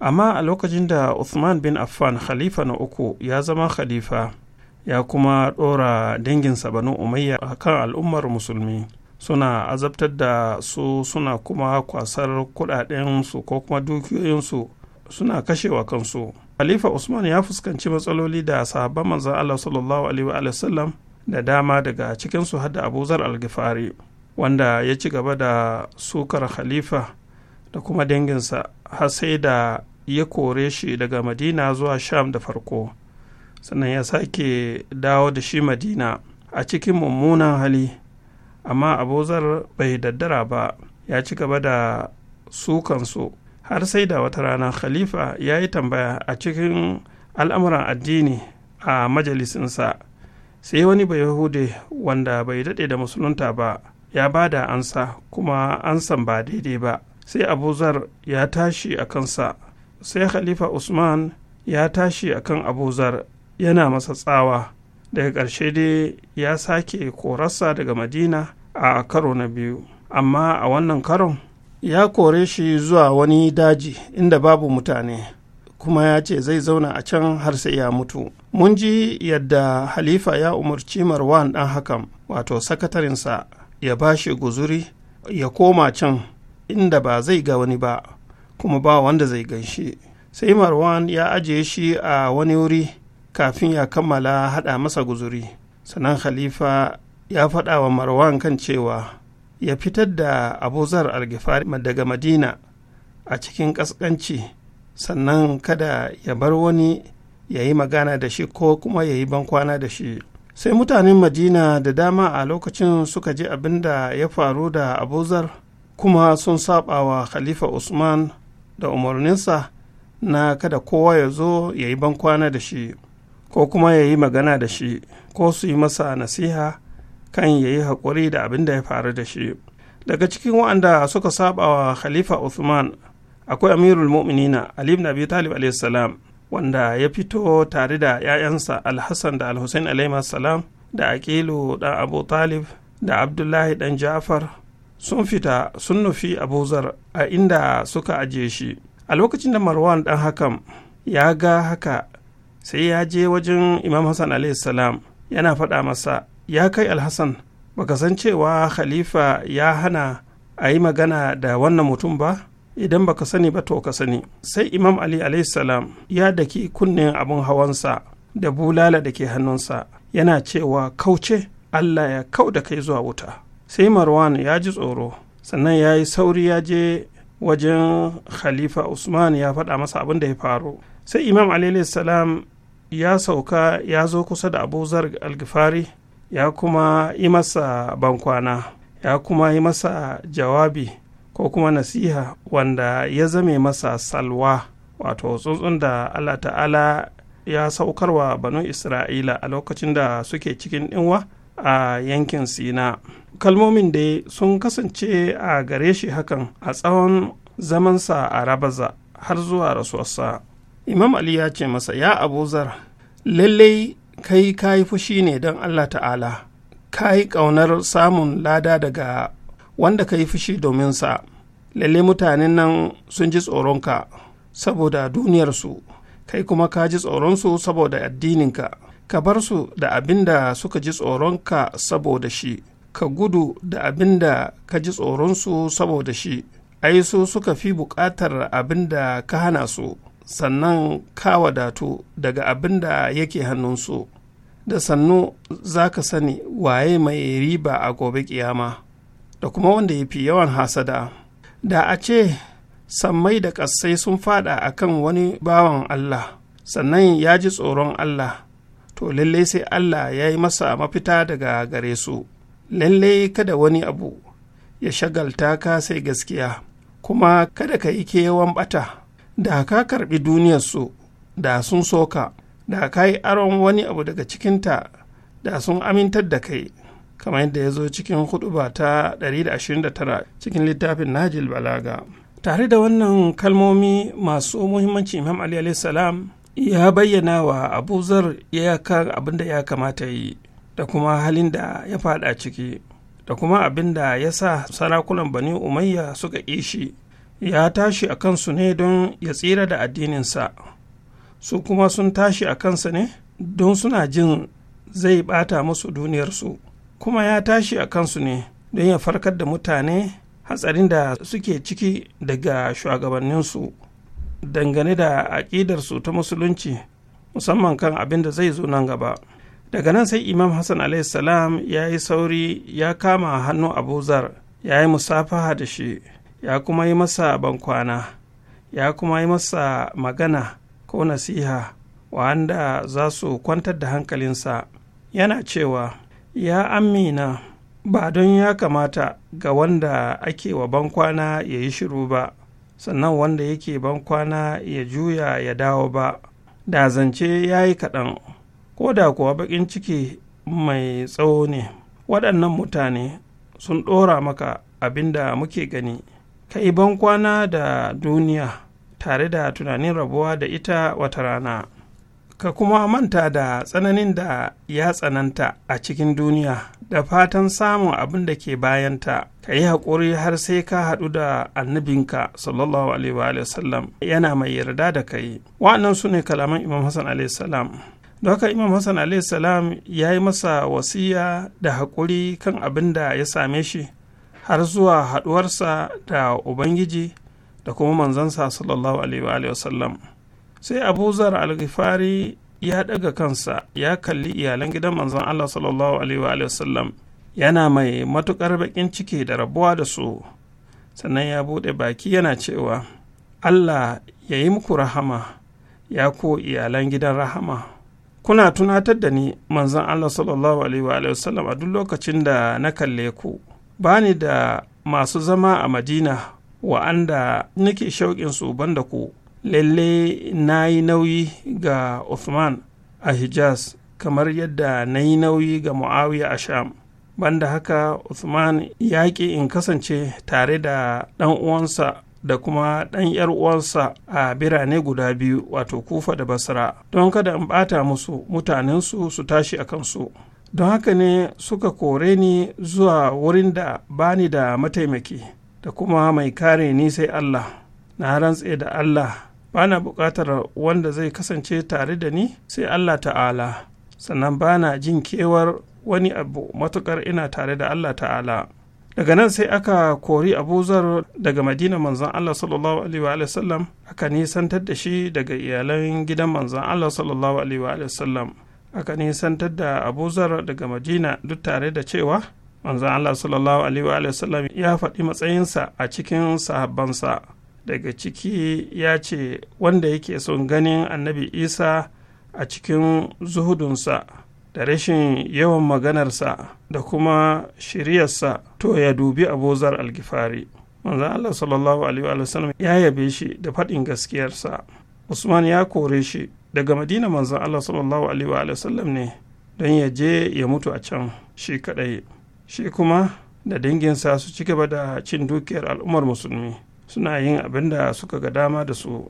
amma a lokacin da Uthman bin Affan khalifa na uku ya zama khalifa ya kuma ɗora danginsa banu umayya a kan al'ummar musulmi suna azabtar da su suna kuma kwasar kuɗaɗensu ko kuma dukiyoyinsu suna kashewa kansu Khalifa Usman ya fuskanci matsaloli da sahabban manzan Allah sallallahu alaihi wa sallam da dama daga cikinsu har da Abu Zar al-Ghifari wanda ya ci gaba da sukar Khalifa da kuma danginsa har sai da ya kore shi daga Madina zuwa Sham da farko sannan ya sake dawo da shi Madina a cikin mummunan hali amma Abu Zar bai daddara ba ya ci gaba da sukan su. har sai da wata rana khalifa ya yi tambaya a cikin al'amuran addini a majalisinsa sai wani bai yahude wanda bai daɗe da musulunta ba ya ba da ansa kuma ansan ba daidai ba sai abuzar ya tashi a kansa sai khalifa usman ya tashi a kan abuzar yana masa tsawa daga ƙarshe dai ya sake korarsa daga madina a karo na biyu amma a wannan karon ya kore shi zuwa wani daji inda babu mutane kuma ya ce zai zauna a can har sai ya mutu mun ji yadda halifa ya umarci marwan ɗan hakan wato sakatarinsa ya ba shi guzuri ya koma can inda ba zai ga wani ba kuma ba wanda zai gan sai marwan ya ajiye shi a wani wuri kafin ya kammala haɗa masa guzuri sannan khalifa ya faɗa wa marwan kan cewa ya fitar da abuzar algifari daga madina a cikin ƙasƙanci sannan kada ya bar wani ya yi magana da shi ko kuma ya yi bankwana da shi sai mutanen madina da dama a lokacin suka ji abin da ya faru da abuzar kuma sun saba wa khalifa usman da umarninsa na kada kowa ya zo ya yi bankwana da shi ko kuma ya yi magana da shi ko su yi masa nasiha kan ya yi haƙuri da abin da ya faru da shi daga cikin waɗanda suka saba wa khalifa Uthman akwai amirul mu'minina Ali ibn Abi Talib wanda ya fito tare da 'ya'yansa Al-Hassan da Al-Hussein salam da Aqilu da Abu Talib da Abdullahi dan Ja'far sun fita sun nufi Abuzar a inda suka ajiye shi a lokacin da Marwan ɗan Hakam ya ga haka sai ya je wajen Imam Hassan salam yana faɗa masa ya kai alhassan baka san cewa khalifa ya hana a yi magana da wannan mutum ba idan baka sani ba to ka sani sai imam ali salam ya daki kunnen abin hawansa da bulala da ke hannunsa yana cewa kauce allah ya kau da kai zuwa wuta sai marwan ya ji tsoro sannan ya yi sauri ya je wajen khalifa usman ya faɗa masa abin da ya faru sai imam ali salam ya sauka ya zo kusa da abu zar algifari ya kuma yi masa bankwana ya kuma yi masa jawabi ko kuma nasiha wanda ya zame masa salwa wato tsuntsun da allah ta'ala ya saukarwa banu isra'ila a lokacin da suke cikin ɗinwa a yankin sina kalmomin da sun kasance a gare shi hakan a tsawon zamansa a rabaza har zuwa rasuwarsa imam ali ya ce masa ya abuzar lallai kai ka yi fushi ne don Allah ta'ala ka yi ƙaunar samun lada daga wanda ka yi fushi sa. lalle mutanen nan sun ji tsoronka saboda duniyarsu kai kuma ka ji tsoronsu saboda addininka ka bar su da abin da suka ji tsoronka saboda shi ka gudu da abin da ka ji tsoronsu saboda shi ai su suka fi buƙatar abin da ka hana su sannan ka wadatu daga abin da yake hannunsu da sannu za ka sani waye mai riba a gobe kiyama da kuma wanda ya fi yawan hasada da a ce sammai da ƙasai sun fada a kan wani bawan Allah sannan ya ji tsoron Allah to lallai sai Allah ya yi masa mafita daga gare su lallai kada wani abu ya shagalta ka sai gaskiya kuma kada ka yi kewan bata da ka karbi duniyarsu da sun soka da ka yi aron wani abu daga cikinta da sun amintar da kai kamar yadda ya zo cikin huduba ta 129 cikin littafin najil balaga tare da wannan kalmomi masu muhimmanci imam ali salam ya bayyana wa abuzar yaka abin da ya kamata yi da kuma halin da ya fada ciki da kuma abin da ya sa sarakunan bani umayya suka ƙi ya tashi a kansu ne don ya tsira da addininsa su kuma sun tashi a kansa ne don suna jin zai bata musu duniyarsu kuma ya tashi a kansu ne don ya farkar da mutane hatsarin da suke ciki daga shugabanninsu dangane da aƙidarsu ta musulunci musamman kan abin da zai zo nan gaba daga nan sai imam hassan salam ya yi sauri ya kama hannu abuzar ya yi musafaha da shi ya kuma yi masa bankwana ya kuma yi masa magana ko nasiha wanda za su kwantar da hankalinsa yana cewa ya amina ba don ya kamata ga wanda ake wa bankwana ya yi shiru ba sannan wanda yake bankwana ya juya ya dawo ba da zance ya yi kaɗan ko da kuwa baƙin ciki mai tsawo ne waɗannan mutane sun ɗora maka abin da muke gani ka iban kwana da duniya tare da tunanin rabuwa da ita wata rana ka kuma manta da tsananin da ya tsananta a cikin duniya da fatan samun abin da ke bayanta ka yi haƙuri har sai ka haɗu da annabinka sallallahu alaihi wa sallam yana mai yarda da kai wa'annan su ne kalaman imam hassan alaihi salam don haka imam hassan salam ya yi masa wasiya da haƙuri kan abin da ya same shi har zuwa haɗuwarsa da ubangiji da kuma manzansa sallallahu alaihi wasallam sai abu zar alghifari ya ɗaga kansa ya kalli iyalan gidan manzan allah sallallahu alaihi wasallam yana mai matuƙar baƙin ciki da rabuwa da su sannan ya buɗe baki yana cewa allah ya yi muku rahama ya ko iyalan gidan rahama kuna tunatar da ni manzan allah sallallahu alaihi wasallam a duk lokacin da na kalle ku Bani da masu zama a madina wa'anda nake shauƙin su banda ku lalle na yi nauyi ga Uthman a Hijaz kamar yadda na yi nauyi ga Muawiya a Sham. Banda haka Uthman ya ƙi in kasance tare da ɗan uwansa da kuma ɗan ‘yar uwansa a birane guda biyu wato Kufa da Basra don kada in ɓata musu mutanensu su tashi a kansu. don haka ne suka kore ni zuwa wurin da bani da mataimaki da kuma mai kare ni sai Allah na rantse da Allah bana buƙatar wanda zai kasance tare da ni sai Allah ta'ala sannan bana jin kewar wani abu matuƙar ina tare da Allah ta'ala daga nan sai aka kori abuzar daga madina manzan Allah sallallahu alaihi wa sallam aka nisantar da shi daga iyalan gidan manzan Allah sallallahu alaihi wa sallam aka nisantar da abuzar daga madina duk tare da cewa manzan allah sallallahu alaihi wa ya faɗi matsayinsa a cikin sahabbansa daga ciki ya ce wanda yake son ganin annabi isa a cikin zuhudunsa da rashin yawan maganarsa da kuma shiryarsa to ya dubi abuzar algifari manzan allah sallallahu alaihi wa ya yabe shi da faɗin gaskiyarsa usman ya kore shi daga madina manzon allah sallallahu alaihi wa sallam ne don ya je ya mutu a can shi kadai shi kuma da danginsa su ci gaba da cin dukiyar al'ummar musulmi suna yin abin da suka ga dama da su.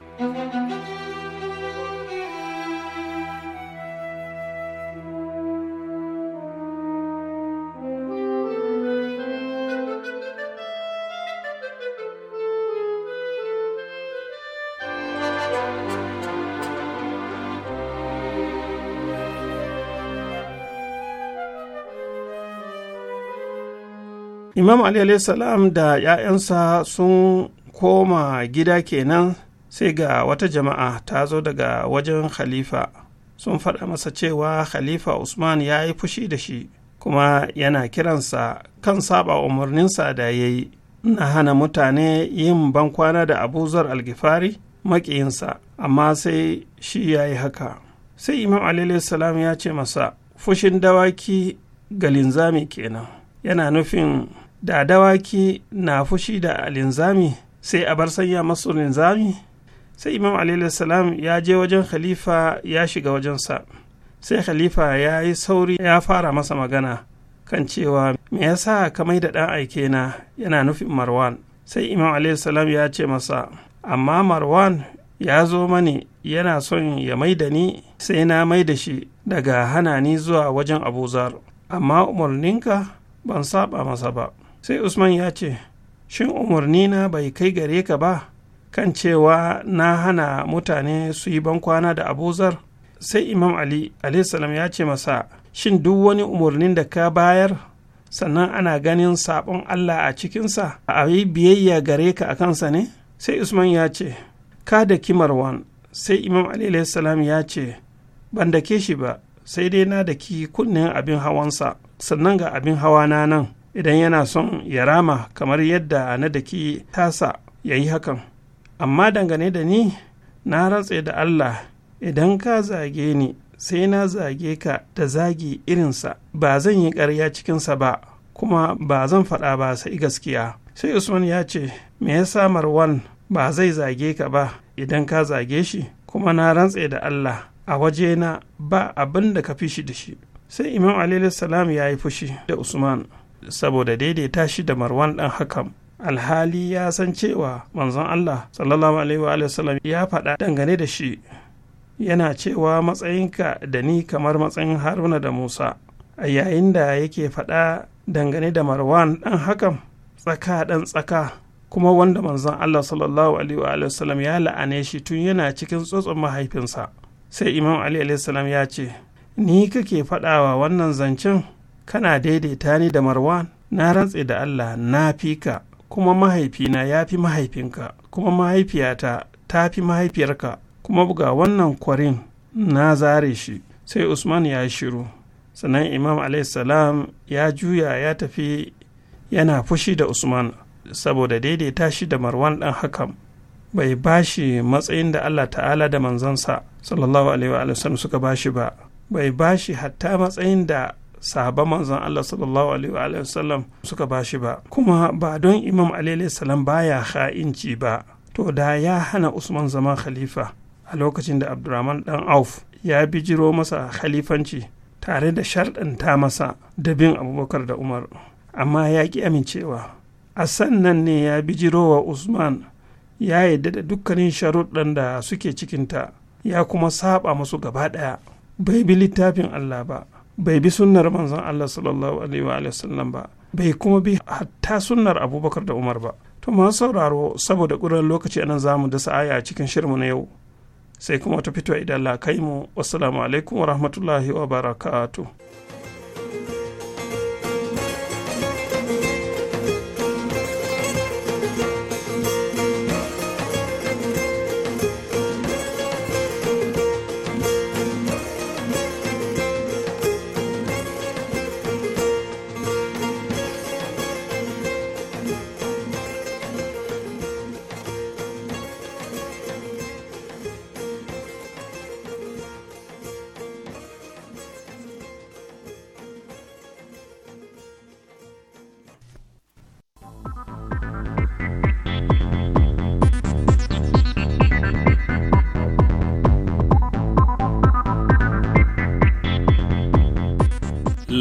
imam ali salam da 'ya'yansa sun koma gida kenan sai ga wata jama'a ta zo daga wajen khalifa sun faɗa masa cewa khalifa usman ya yi fushi da shi kuma yana kiransa kan saba umarninsa da ya yi na hana mutane yin bankwana da abuzar algifari maƙiyinsa amma sai shi ya yi haka sai imam salam ya ce masa fushin dawaki ga linzami kenan yana nufin da dawaki na fushi da linzami sai a bar sanya masu linzami sai imam salam ya je wajen khalifa ya shiga wajensa sai khalifa ya yi sauri ya fara masa magana kan cewa me yasa ka mai da ɗan aike na yana nufin marwan sai imam salam ya ce masa amma marwan ya zo mani yana son ya mai da ni sai na mai da shi daga hana ni zuwa wajen abuzar amma umarninka ban saba masa ba sai usman ya ce shin umarni na bai kai gare ka ba kan cewa na hana mutane su yi bankwana da abuzar sai imam ali salam ya ce masa shin duk wani umarnin da ka bayar sannan ana ganin sabon allah a cikinsa a yi biyayya gare ka a kansa ne sai usman ya ce ka da kimarwan sai imam ali salam ya ce ban da ke shi ba sai dai na da ki kunnen abin hawansa sannan ga abin hawa na nan idan yana son ya rama kamar yadda na daki tasa ya yi hakan amma dangane da ni na rantse da allah idan ka zage ni sai na zage ka da zagi irinsa ba zan yi ƙarya cikinsa ba kuma ba zan faɗa ba sai gaskiya sai usman ya ce me yasa marwan ba zai zage ka ba idan ka zage shi kuma na rantse da allah a waje na ba abin da ka fi shi da shi sai imam salam ya yi fushi da usman saboda daidaita shi da marwan ɗan hakan alhali ya san cewa manzon Allah sallallahu alaihi wa sallam ya faɗa dangane da shi yana cewa matsayinka da ni kamar matsayin haruna da musa a yayin da yake faɗa dangane da marwan ɗan hakan tsaka ɗan tsaka kuma wanda manzon Allah sallallahu alaihi wa sallam ya la'ane shi tun yana cikin tsotson mahaifinsa sai imam ali alaihi ya ce ni kake faɗawa wannan zancen kana daidaita ni da marwan na rantse da allah na fi ka kuma mahaifina ya fi mahaifinka kuma mahaifiyata ta fi mahaifiyarka kuma buga wannan kwarin na zare shi sai usman ya shiru sannan imam salam ya juya ya tafi yana fushi da usman saboda daidaita shi da marwan ɗan hakan bai bashi matsayin da allah ta'ala da manzansa sallallahu alaihi wa suka bashi ba bai bashi hatta matsayin da sahaban manzon Allah sallallahu alaihi wa sallam suka bashi ba kuma ba don imam alaihi salam baya ha'inci ba to da ya hana usman zama khalifa a lokacin da abdurrahman dan auf ya bijiro masa khalifanci tare da ta masa da bin abubakar da umar amma ya ƙi amincewa a sannan ne ya bijiro wa usman ya yadda da dukkanin sharuɗan da suke cikinta ya kuma saba musu gaba ɗaya bai bi littafin allah ba bai bi sunnar manzon Allah sallallahu alaihi wa sallam ba bai kuma bi hatta sunnar Abubakar da Umar ba to masu sauraro saboda ƙuran lokaci anan zamu dasa aya a cikin shirmu na yau sai kuma ta fito idan la kai mu wassalamu alaikum wa rahmatullahi wa barakatuh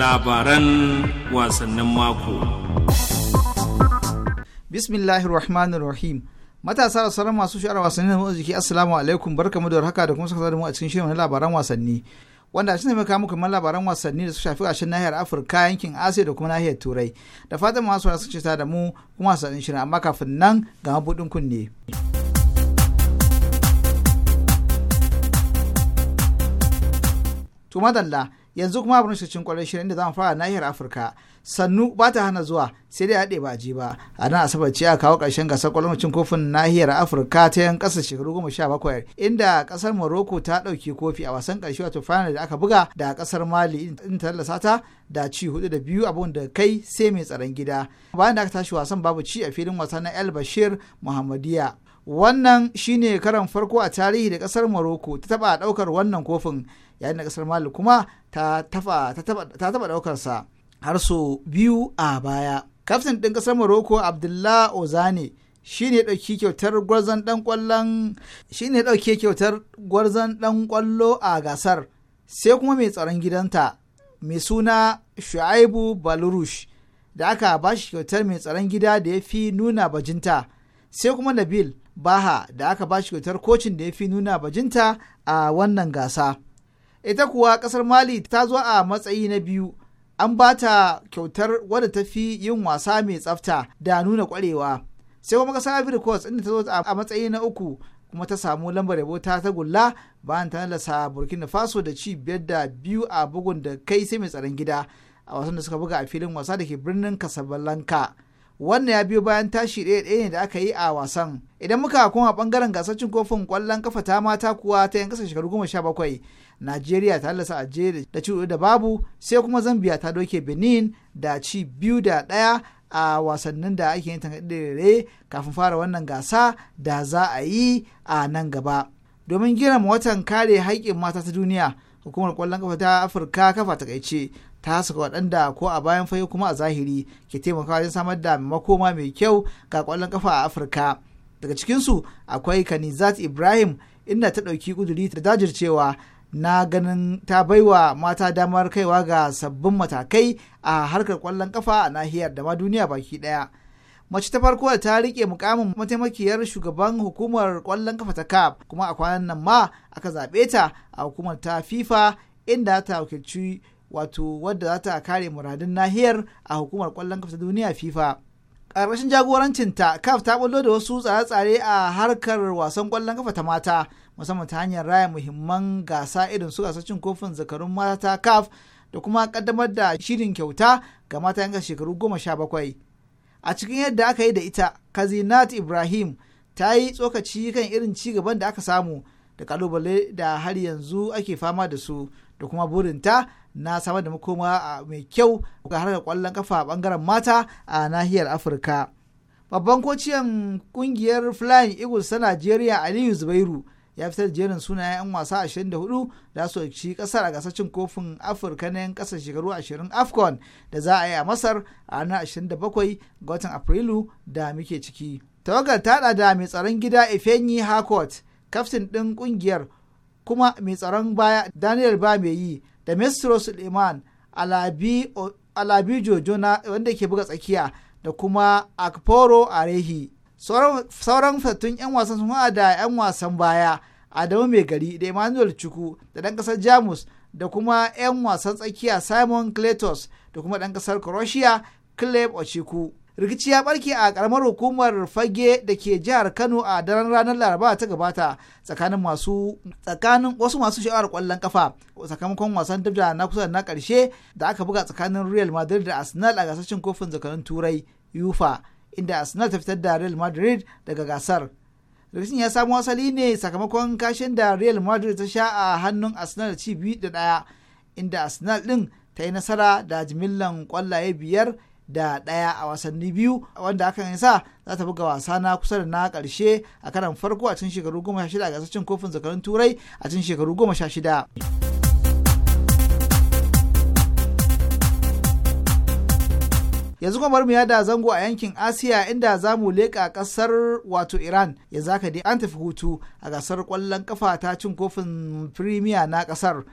labaran wasannin mako. Bismillahirrahmanirrahim. Matasa da sauran masu shi'ar wasanni da motsa jiki Assalamu alaikum barkamu da haka da kuma saka da mu a cikin shirin labaran wasanni. Wanda shi ne mai kawo kamar labaran wasanni da su shafi ƙarshen nahiyar Afirka yankin Asiya da kuma nahiyar Turai. Da fatan masu wasu ce ta da mu kuma wasannin shirin amma kafin nan ga mabuɗin kunne. To madalla yanzu kuma abin shirin kwallon shirin da zamu fara nahiyar afirka sannu ba ta hana zuwa sai dai haɗe ba je ba a nan asabar ce a kawo ƙarshen gasar kwallon cin kofin nahiyar afirka ta yan ƙasa shekaru goma sha bakwai inda ƙasar morocco ta ɗauki kofi a wasan ƙarshe wato final da aka buga da ƙasar mali in ta ta da ci hudu da biyu abun da kai sai mai tsaron gida bayan da aka tashi wasan babu ci a filin wasa na el bashir muhammadiya wannan shine karan farko a tarihi da ƙasar morocco ta taɓa ɗaukar wannan kofin yayin da kasar mali kuma ta taba sa har su biyu a baya kaftin ɗin kasar morocco abdullah ozane shi ne ɗauki kyautar gwarzon ɗan kwallo ƙwallo a gasar sai kuma mai tsaron gidanta mai suna shu'aibu balurush da aka ba shi kyautar mai tsaron gida da ya fi nuna bajinta sai kuma nabil baha da aka ba shi kyautar kocin da ya fi nuna bajinta a wannan gasa ita kuwa kasar mali ta zo a matsayi na biyu an ba ta kyautar wadda ta fi yin wasa mai tsafta da nuna kwarewa sai kuma kasar ivory coast inda ta zo a matsayi na uku kuma ta samu lambar yabo ta ta gulla bayan ta nalasa burkina faso da ci biyar da biyu a bugun da kai sai mai tsaron gida a wasan da suka buga a filin wasa da ke birnin casablanca wannan ya biyo bayan tashi ɗaya ɗaya ne da aka yi a wasan idan muka koma ɓangaren gasar cin kofin kwallon kafa ta mata kuwa ta yan kasa shekaru goma sha bakwai najeriya ta a algeria da ci da babu sai kuma zambia ta doke benin da ci biyu da ɗaya a wasannin da ake yin tangaɗe kafin fara wannan gasa da za a yi a nan gaba domin gina watan kare haƙƙin mata ta duniya hukumar ƙwallon kafa ta afirka kafa ta takaice ta saka waɗanda ko a bayan fayo kuma a zahiri ke taimaka wajen samar da makoma mai kyau ga ƙwallon kafa a afirka daga cikinsu akwai kanizat ibrahim inda ta ɗauki ƙuduri da jajircewa na ganin ta baiwa mata damar kaiwa ga sabbin matakai a harkar kwallon kafa a nahiyar da ma duniya baki daya mace ta farko da ta rike mukamin mataimakiyar shugaban hukumar kwallon kafa ta cap kuma a kwanan nan ma aka zaɓe ta a hukumar ta fifa inda ta wakilci wato wadda za ta kare muradun nahiyar a hukumar kwallon kafa ta duniya fifa ƙarƙashin jagorancinta caf ta bullo da wasu tsare-tsare a harkar wasan kwallon kafa ta mata musamman ta hanyar raya muhimman gasa irin su gasar cin kofin zakarun mata kaf da kuma kaddamar da shirin kyauta ga mata yan shekaru goma sha bakwai a cikin yadda aka yi da ita kazinat ibrahim ta yi tsokaci kan irin ci gaban da aka samu da kalubale da har yanzu ake fama da su da kuma burinta na samar da makoma mai kyau ga harkar kwallon kafa a bangaren mata a nahiyar afirka babban kociyan kungiyar flying eagles ta najeriya aliyu zubairu ya fitar jerin sunayen 'yan wasa 24 da su ci kasar a gasar cin kofin afirka na 'yan kasar shekaru 20 afcon da za a yi a masar a ranar 27 ga watan afrilu da muke ciki tawagar ta da mai tsaron gida efenyi harcourt kaftin ɗin ƙungiyar kuma mai tsaron baya daniel ba mai yi da mestro suleiman alabi jojo wanda ke buga tsakiya da kuma akporo arehi sauran fitattun 'yan wasan sun haɗa da 'yan wasan baya adamu mai gari da emmanuel chuku da ɗan ƙasar jamus da kuma 'yan wasan tsakiya simon kletos da kuma ɗan ƙasar croatia caleb ochiku rikici ya ɓarke a ƙaramar hukumar fage da ke jihar kano a daren ranar laraba ta gabata tsakanin masu tsakanin wasu masu sha'awar kwallon kafa sakamakon wasan dabda na kusa na ƙarshe da aka buga tsakanin real madrid da arsenal a gasar kofin zakarun turai yufa e inda Arsenal ta fitar da Real Madrid daga gasar. Rikicin ya samo asali ne sakamakon kashin da Real Madrid ta sha a hannun Arsenal ci biyu da ɗaya inda Arsenal ɗin ta yi nasara da jimillan kwallaye biyar da ɗaya a wasanni biyu wanda hakan ya sa za ta buga wasa na kusa da na karshe a karan farko a cikin shekaru goma sha shida a gasar cin kofin zakarun turai a cikin shekaru goma sha shida. yanzu kuma mu yada zango a yankin asiya inda za mu leƙa ƙasar wato iran ya zaka dai an tafi hutu a gasar ƙwallon kafa ta cin kofin firimiya na ƙasar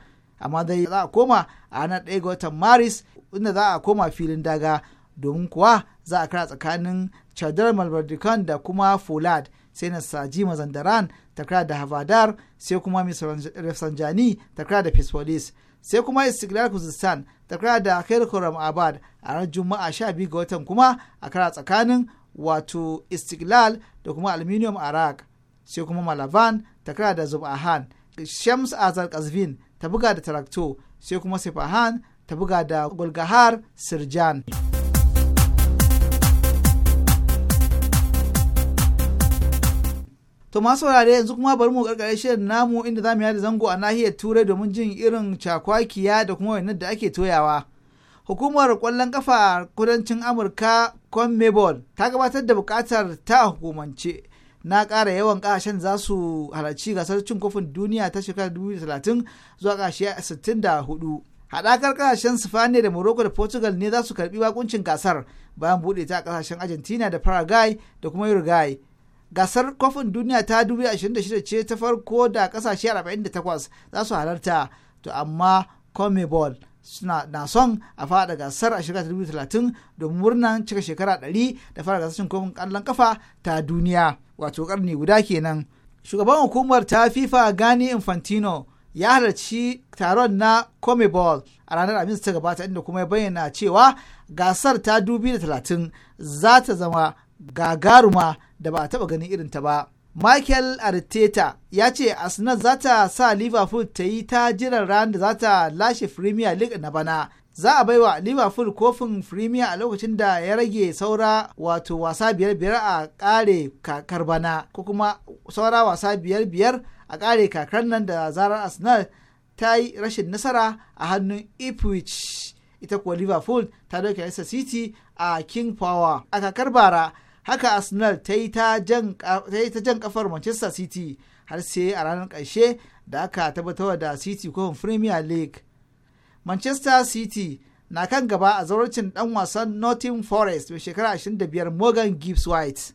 amma dai za a koma a ranar ɗaya ga watan maris inda za a koma filin daga domin kuwa za a kara tsakanin chadar malbardikan da kuma folad sai na saji mazandaran kira da havadar sai kuma miss rafsanjani takara da fesfolis sai kuma istiklal kuzistan ta kara da khair khuram abad a ranar juma'a 12 ga watan kuma a kara tsakanin wato istiklal da kuma aluminium arak sai kuma malavan ta kara da zubahan shams azar kazvin ta buga da tarakto sai kuma sifahan ta buga da gulgahar sirjan. To masu saurare yanzu kuma bari mu karkare shirin namu inda za mu yada zango a nahiyar Turai domin jin irin cakwakiya da kuma wannan da ake toyawa. Hukumar kwallon kafa a kudancin Amurka CONMEBOL ta gabatar da bukatar ta hukumance na ƙara yawan ƙasashen za su halarci gasar cin kofin duniya ta shekarar 2030 zuwa da 64. Haɗakar ƙasashen Sifaniya da Morocco da Portugal ne za su karɓi bakuncin gasar bayan buɗe ta kasashen Argentina da Paraguay da kuma Uruguay. gasar kofin duniya ta 2026 ce ta farko da kasashe 48 za su halarta to amma comebol suna na son a fada gasar a shekara 2030 domin murnan cika shekara 100 da fara gasar kofin kallon kafa ta duniya wato karni guda kenan shugaban hukumar ta fifa gani infantino ya halarci taron na comebol a ranar abin ta gabata inda kuma ya bayyana cewa gasar ta 2030 za ta zama gagaruma da ba a taba ganin irin ta ba michael arteta ya ce arsenal za ta sa liverpool ta yi ta jiran ranar da za ta lashe premier league na bana za a baiwa liverpool kofin premier a lokacin da ya rage saura wato wasa biyar biyar a kare kakar bana ko kuma saura wasa biyar biyar a kare kakar nan da zarar arsenal ta yi rashin nasara a hannun ipswich ita kuwa liverpool ta doke leicester city a king power a kakar bara haka arsenal ta yi ta jan kafar manchester city har sai a ranar ƙarshe da aka tabbatar da city kofin premier league manchester city na kan gaba a zauracin dan wasan nottingham forest mai shekara 25 morgan gibbs white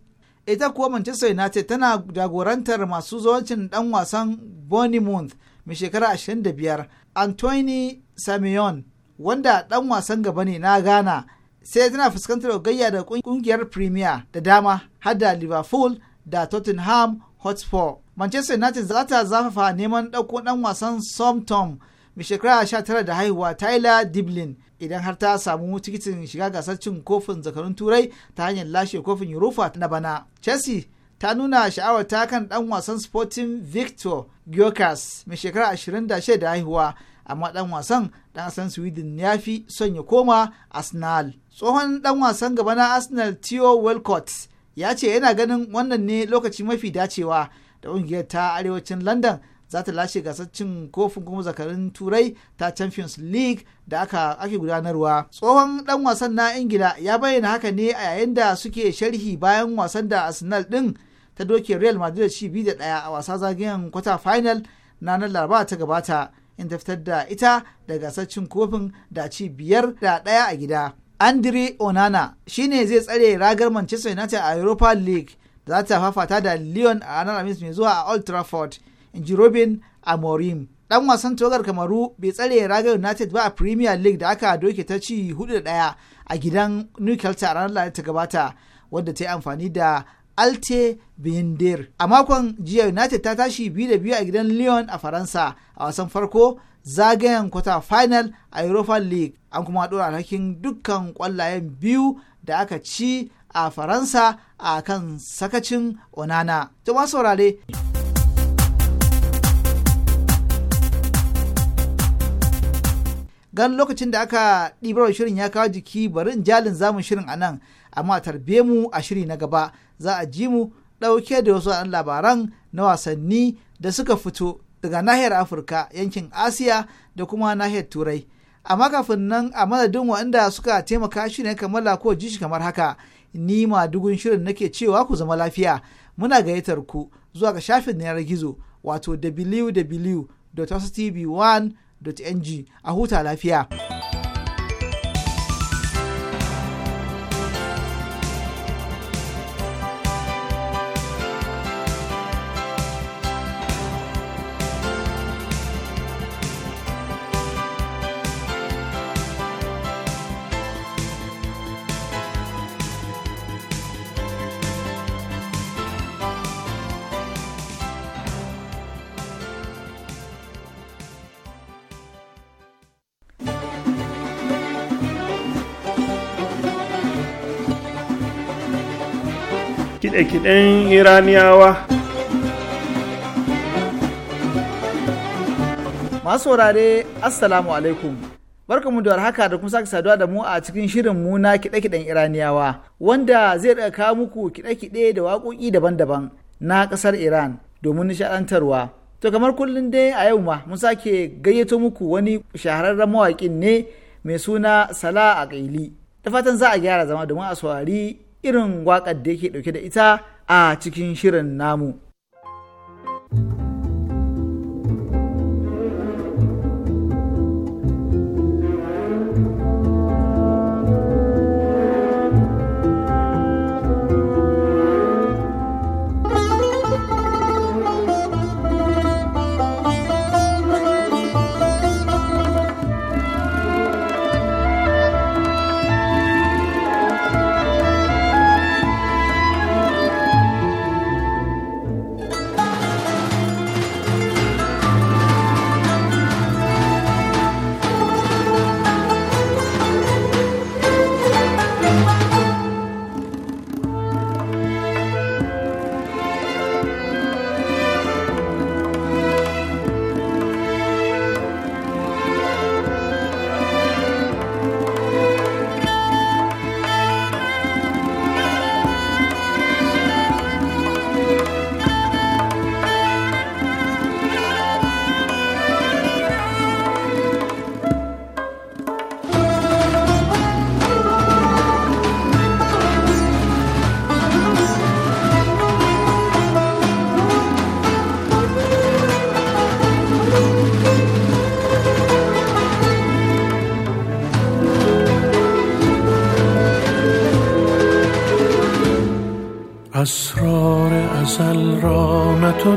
ita kuwa manchester united tana jagorantar masu zauracin dan wasan bournemouth mai shekara 25 anthony samion wanda dan wasan gaba ne na ghana sai tana fuskantar gayya da kungiyar premier da dama har da liverpool da tottenham hotspur manchester united za ta zafafa neman ɗauko ɗan wasan somtom mai shekara 19 da haihuwa tyler diblin idan har ta samu tikitin shiga gasar cin kofin zakarun turai ta hanyar lashe kofin europa na bana chelsea ta nuna sha'awar ta kan ɗan wasan sporting victor gyokas mai shekara 26 da haihuwa amma ɗan wasan dan asan sweden ya fi son ya koma arsenal tsohon dan wasan gaba na arsenal theo walcott ya ce yana ganin wannan ne lokaci mafi dacewa da ƙungiyar ta arewacin london za ta lashe gasar cin kofin kuma zakarin turai ta champions league da aka ake gudanarwa tsohon dan wasan na ingila ya bayyana haka ne a yayin da suke sharhi bayan wasan da arsenal din ta doke real madrid ci biyu da daya a wasa zagayen kwata final na nan laraba ta gabata in fitar da ita da gasar kofin da ci biyar da daya a gida andre onana shine zai tsare ragar manchester united a europa league da za ta fafata da leon a ranar alhamis mai zuwa a old trafford in ji robin amorim dan wasan togar kamaru bai tsare ragar united ba a premier league da aka doke ta ci 4-1 a gidan newcastle a ranar ta gabata wadda ta yi amfani da alte bindir a makon jiya united ta tashi biyu da biyu a gidan lyon a faransa a wasan farko zagayen kwata final a europa league an kuma dora alhakin dukkan kwallayen biyu da aka ci a faransa a kan sakacin onana to ma saurare gan lokacin da aka ɗibar shirin ya kawo jiki barin jalin zamun shirin a nan amma tarbe mu a shiri na gaba za a ji mu ɗauke da wasu labaran na wasanni da suka fito daga nahiyar afirka yankin asiya da kuma nahiyar turai amma kafin nan a madadin waɗanda suka taimaka shi ne kamar ko jishi kamar haka ni ma dugun shirin nake cewa ku zama lafiya muna gayyatar ku zuwa ga shafin yanar gizo wato www.tv1.ng a huta lafiya. kide-kiden iraniyawa masu saurare assalamu alaikum barkamu da warhaka da kuma sake saduwa da mu a cikin shirin mu na kiɗe-kiɗen iraniyawa wanda zai daga kawo muku kiɗe-kiɗe da waƙoƙi daban-daban na ƙasar iran domin nishaɗantarwa to kamar kullum dai a yau ma mun sake gayyato muku wani shahararren mawaƙin ne mai suna sala a ƙaili da fatan za a gyara zama domin a saurari irin waƙar da yake ɗauke da ita a cikin shirin namu.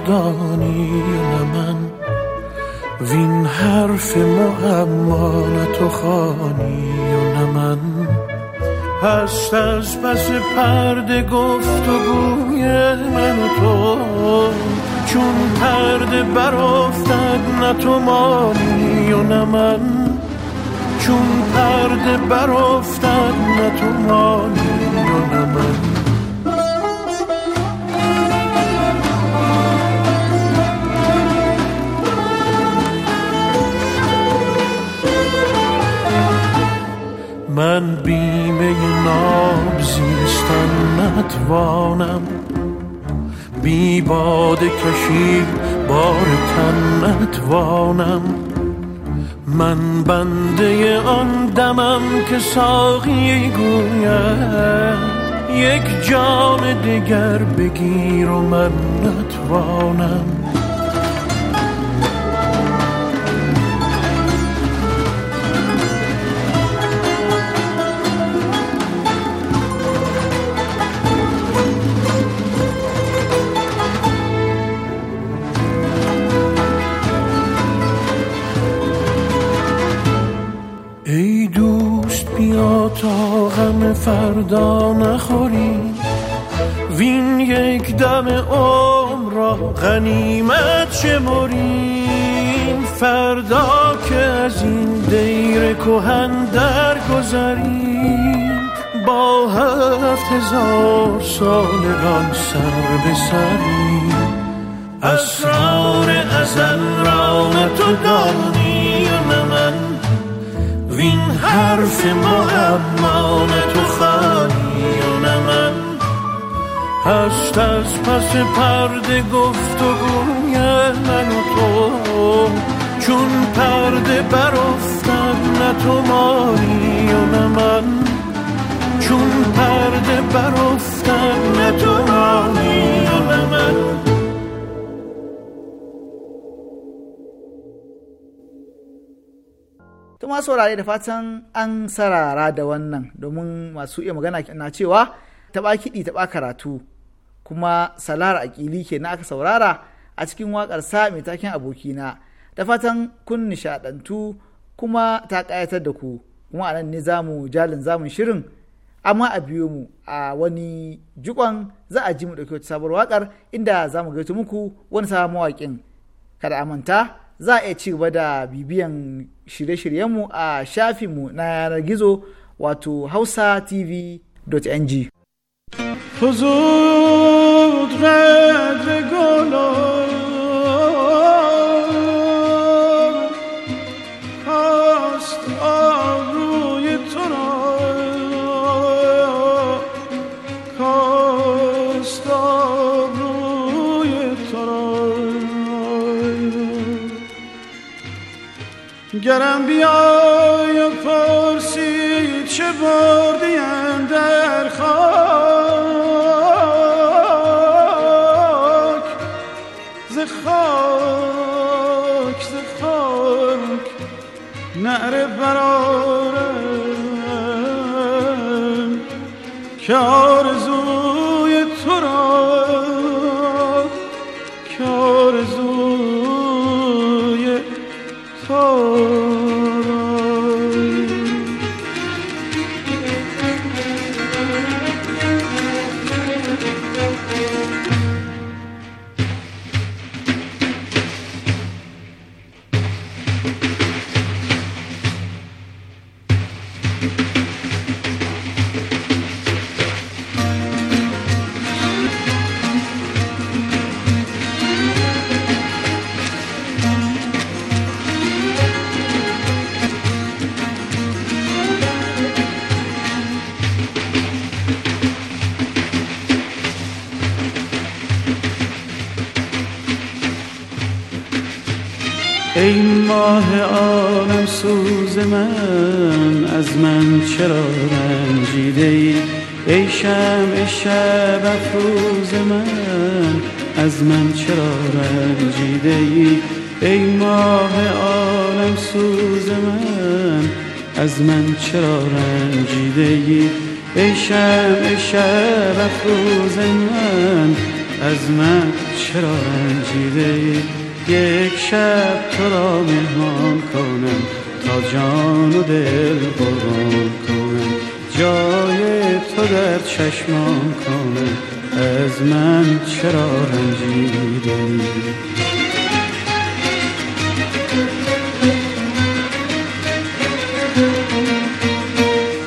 دانی من وین حرف مهمان تو خانی و نمن من هست از پس پرده گفت و گوی من تو چون پرده افتد نه تو مانی و نه چون پرده افتد نه تو مانی و نه من بیمه ناب زیستن نتوانم بی باد کشید بار تن نتوانم من بنده آن دمم که ساقی گوید یک جام دیگر بگیر و من نتوانم فردا نخوری وین یک دم عمر را غنیمت شمریم فردا که از این دیر کهن در با هفت هزار سالگان سر به سریم اسرار ازل را تو این حرف معما نه تو خانی و نه من هشت از پس پرده گفت و گوی من و تو چون پرده برافتم نه تو مانی و نه من چون پرده برافتم نه تو مانی و نه من kuma saurare da fatan an sarara da wannan domin masu iya magana na cewa taɓa kiɗi taɓa karatu kuma a ƙili ke na aka saurara a cikin waƙar sa mai taken abokina da fatan kun nishaɗantu kuma ta ƙayatar da ku kuma anan ne zamu jalin zamun shirin amma a biyo mu a wani jikon za a ji mu ɗauki wata sabuwar waƙar inda za mu gaito muku wani sabon mawaƙin kada a manta za a iya ci gaba da bibiyan shirye-shiryenmu a shafinmu na yanar gizo wato hausa tv.ng. گرم بیای پرسید چه بار ماه عالم سوز من از من چرا رنجیده ای ای شمع شب افروز من از من چرا رنجیده ای ای ماه عالم سوز من از من چرا رنجیده ای ای شمع شب افروز من از من چرا رنجیده ای یک شب تو را مهمان کنم تا جان و دل قربان کنم جای تو در چشمان کنم از من چرا رنجیدی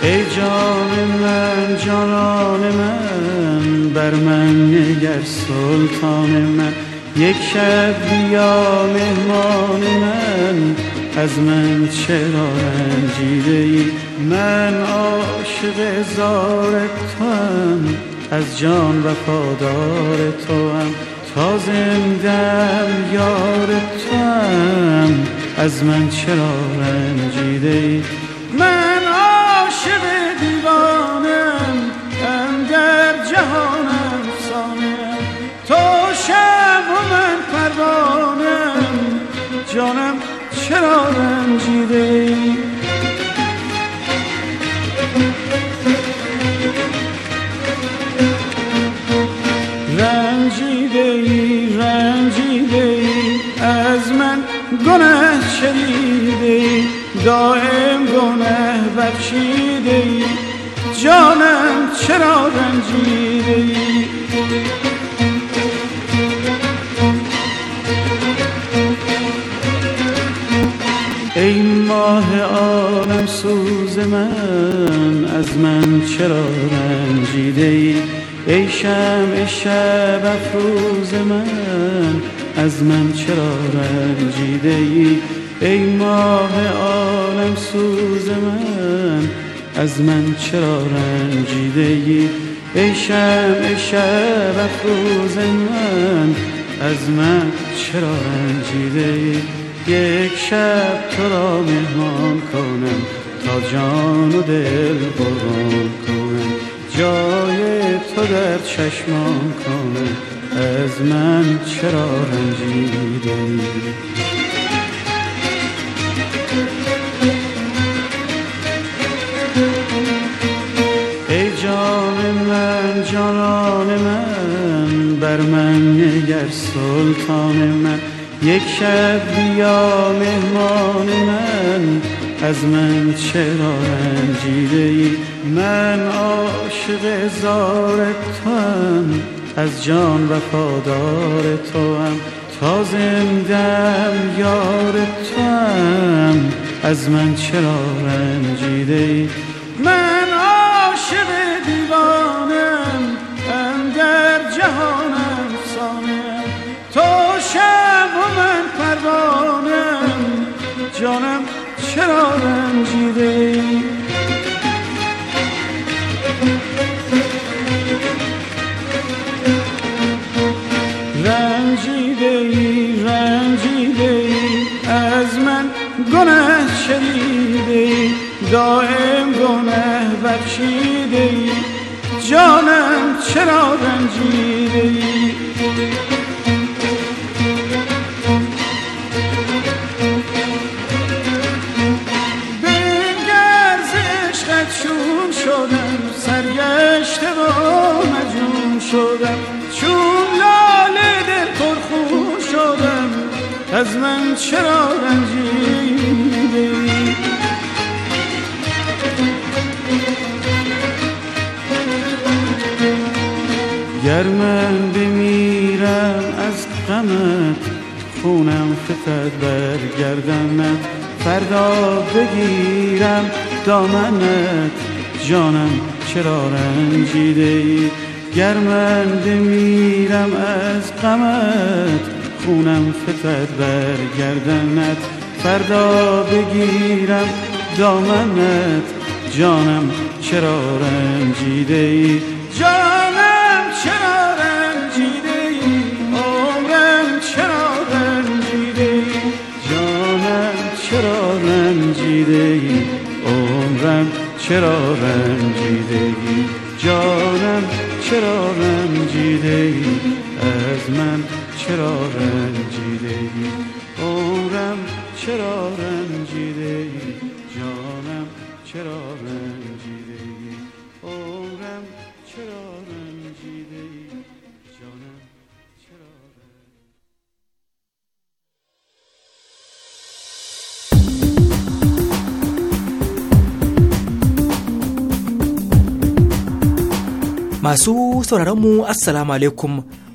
ای جان من جانان من بر من نگر سلطان من یک شب بیا مهمان من از من چرا رنجیده ای من عاشق زار توام از جان وفادار توام تا زندم یار توام از من چرا رنجیده ای من عاشق دیوانم در جهان جانم جانم چرا رنجیده ای رنجیده ای رنجیده ای از من گنه شدیده ای دائم گنه بخشیده ای جانم چرا رنجیده ای ای ماه عالم سوز من از من چرا رنجیده ای ای شم شب افروز من از من چرا رنجیده ای ای ماه عالم سوز من از من چرا رنجیده ای ای شم شب افروز من از من چرا رنجیده ای یک شب تو را مهمان کنم تا جان و دل قربان کنم جای تو در چشمان کنم از من چرا رنجیدی ای جان من جانان من بر من سلطان من یک شب بیا مهمان من از من چرا رنجیده ای من عاشق زار تو هم از جان وفادار تو هم تا زندم یار تو هم از من چرا رنجیده ای من عاشق دیوانم در جهان افسانه تو شب پروانم جانم چرا رنجیده ای رنجیده ای رنجیده از من گنه شنیده ای دائم گنه بخشیده جانم چرا رنجیده ای چرا رنجیدی گر من بمیرم از قمت خونم فتد بر گردنت فردا بگیرم دامنت جانم چرا رنجیده ای گر من بمیرم از قمت خونم فتد بر گردنت فردا بگیرم دامنت جانم چرا رنجیده ای جانم چرا رنجیده ای عمرم چرا رنجیده ای جانم چرا رنجیده ای عمرم چرا رنجیده ای جانم چرا رنجیده ای از من چرا رنجیده ای عمرم چرا رنجیده ای جانم چرا رنجیده ای عمرم چرا رنجیده ای جانم چرا ای sauraron سرارمو السلام علیکم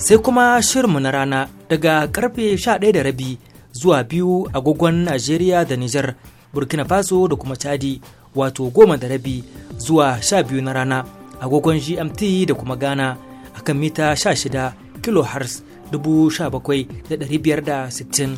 sai kuma shirinmu na rana daga karfe 11 da rabi zuwa biyu agogon Najeriya da Nijar Burkina Faso da kuma Chadi wato goma da rabi zuwa sha biyu na rana agogon GMT da kuma Ghana akan mita 16 kilohertz 17,560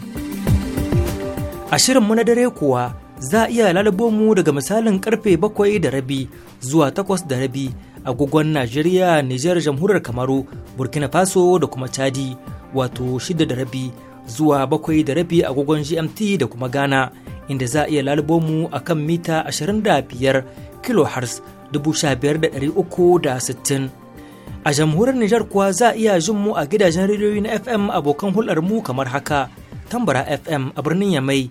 a shirinmu na dare kuwa za a iya lalabo mu daga misalin karfe bakwai da rabi zuwa takwas da rabi agogon Najeriya, Nijar, Jamhuriyar Kamaru, Burkina Faso da kuma Chadi, wato shida da rabi zuwa bakwai da rabi agogon GMT da kuma Ghana, inda za a iya lalabo mu a kan mita 25 kHz 15,360. A jamhuriyar Nijar kuwa za a iya jin mu a gidajen rediyoyi na FM abokan hulɗar mu kamar haka, Tambara FM a birnin Yamai,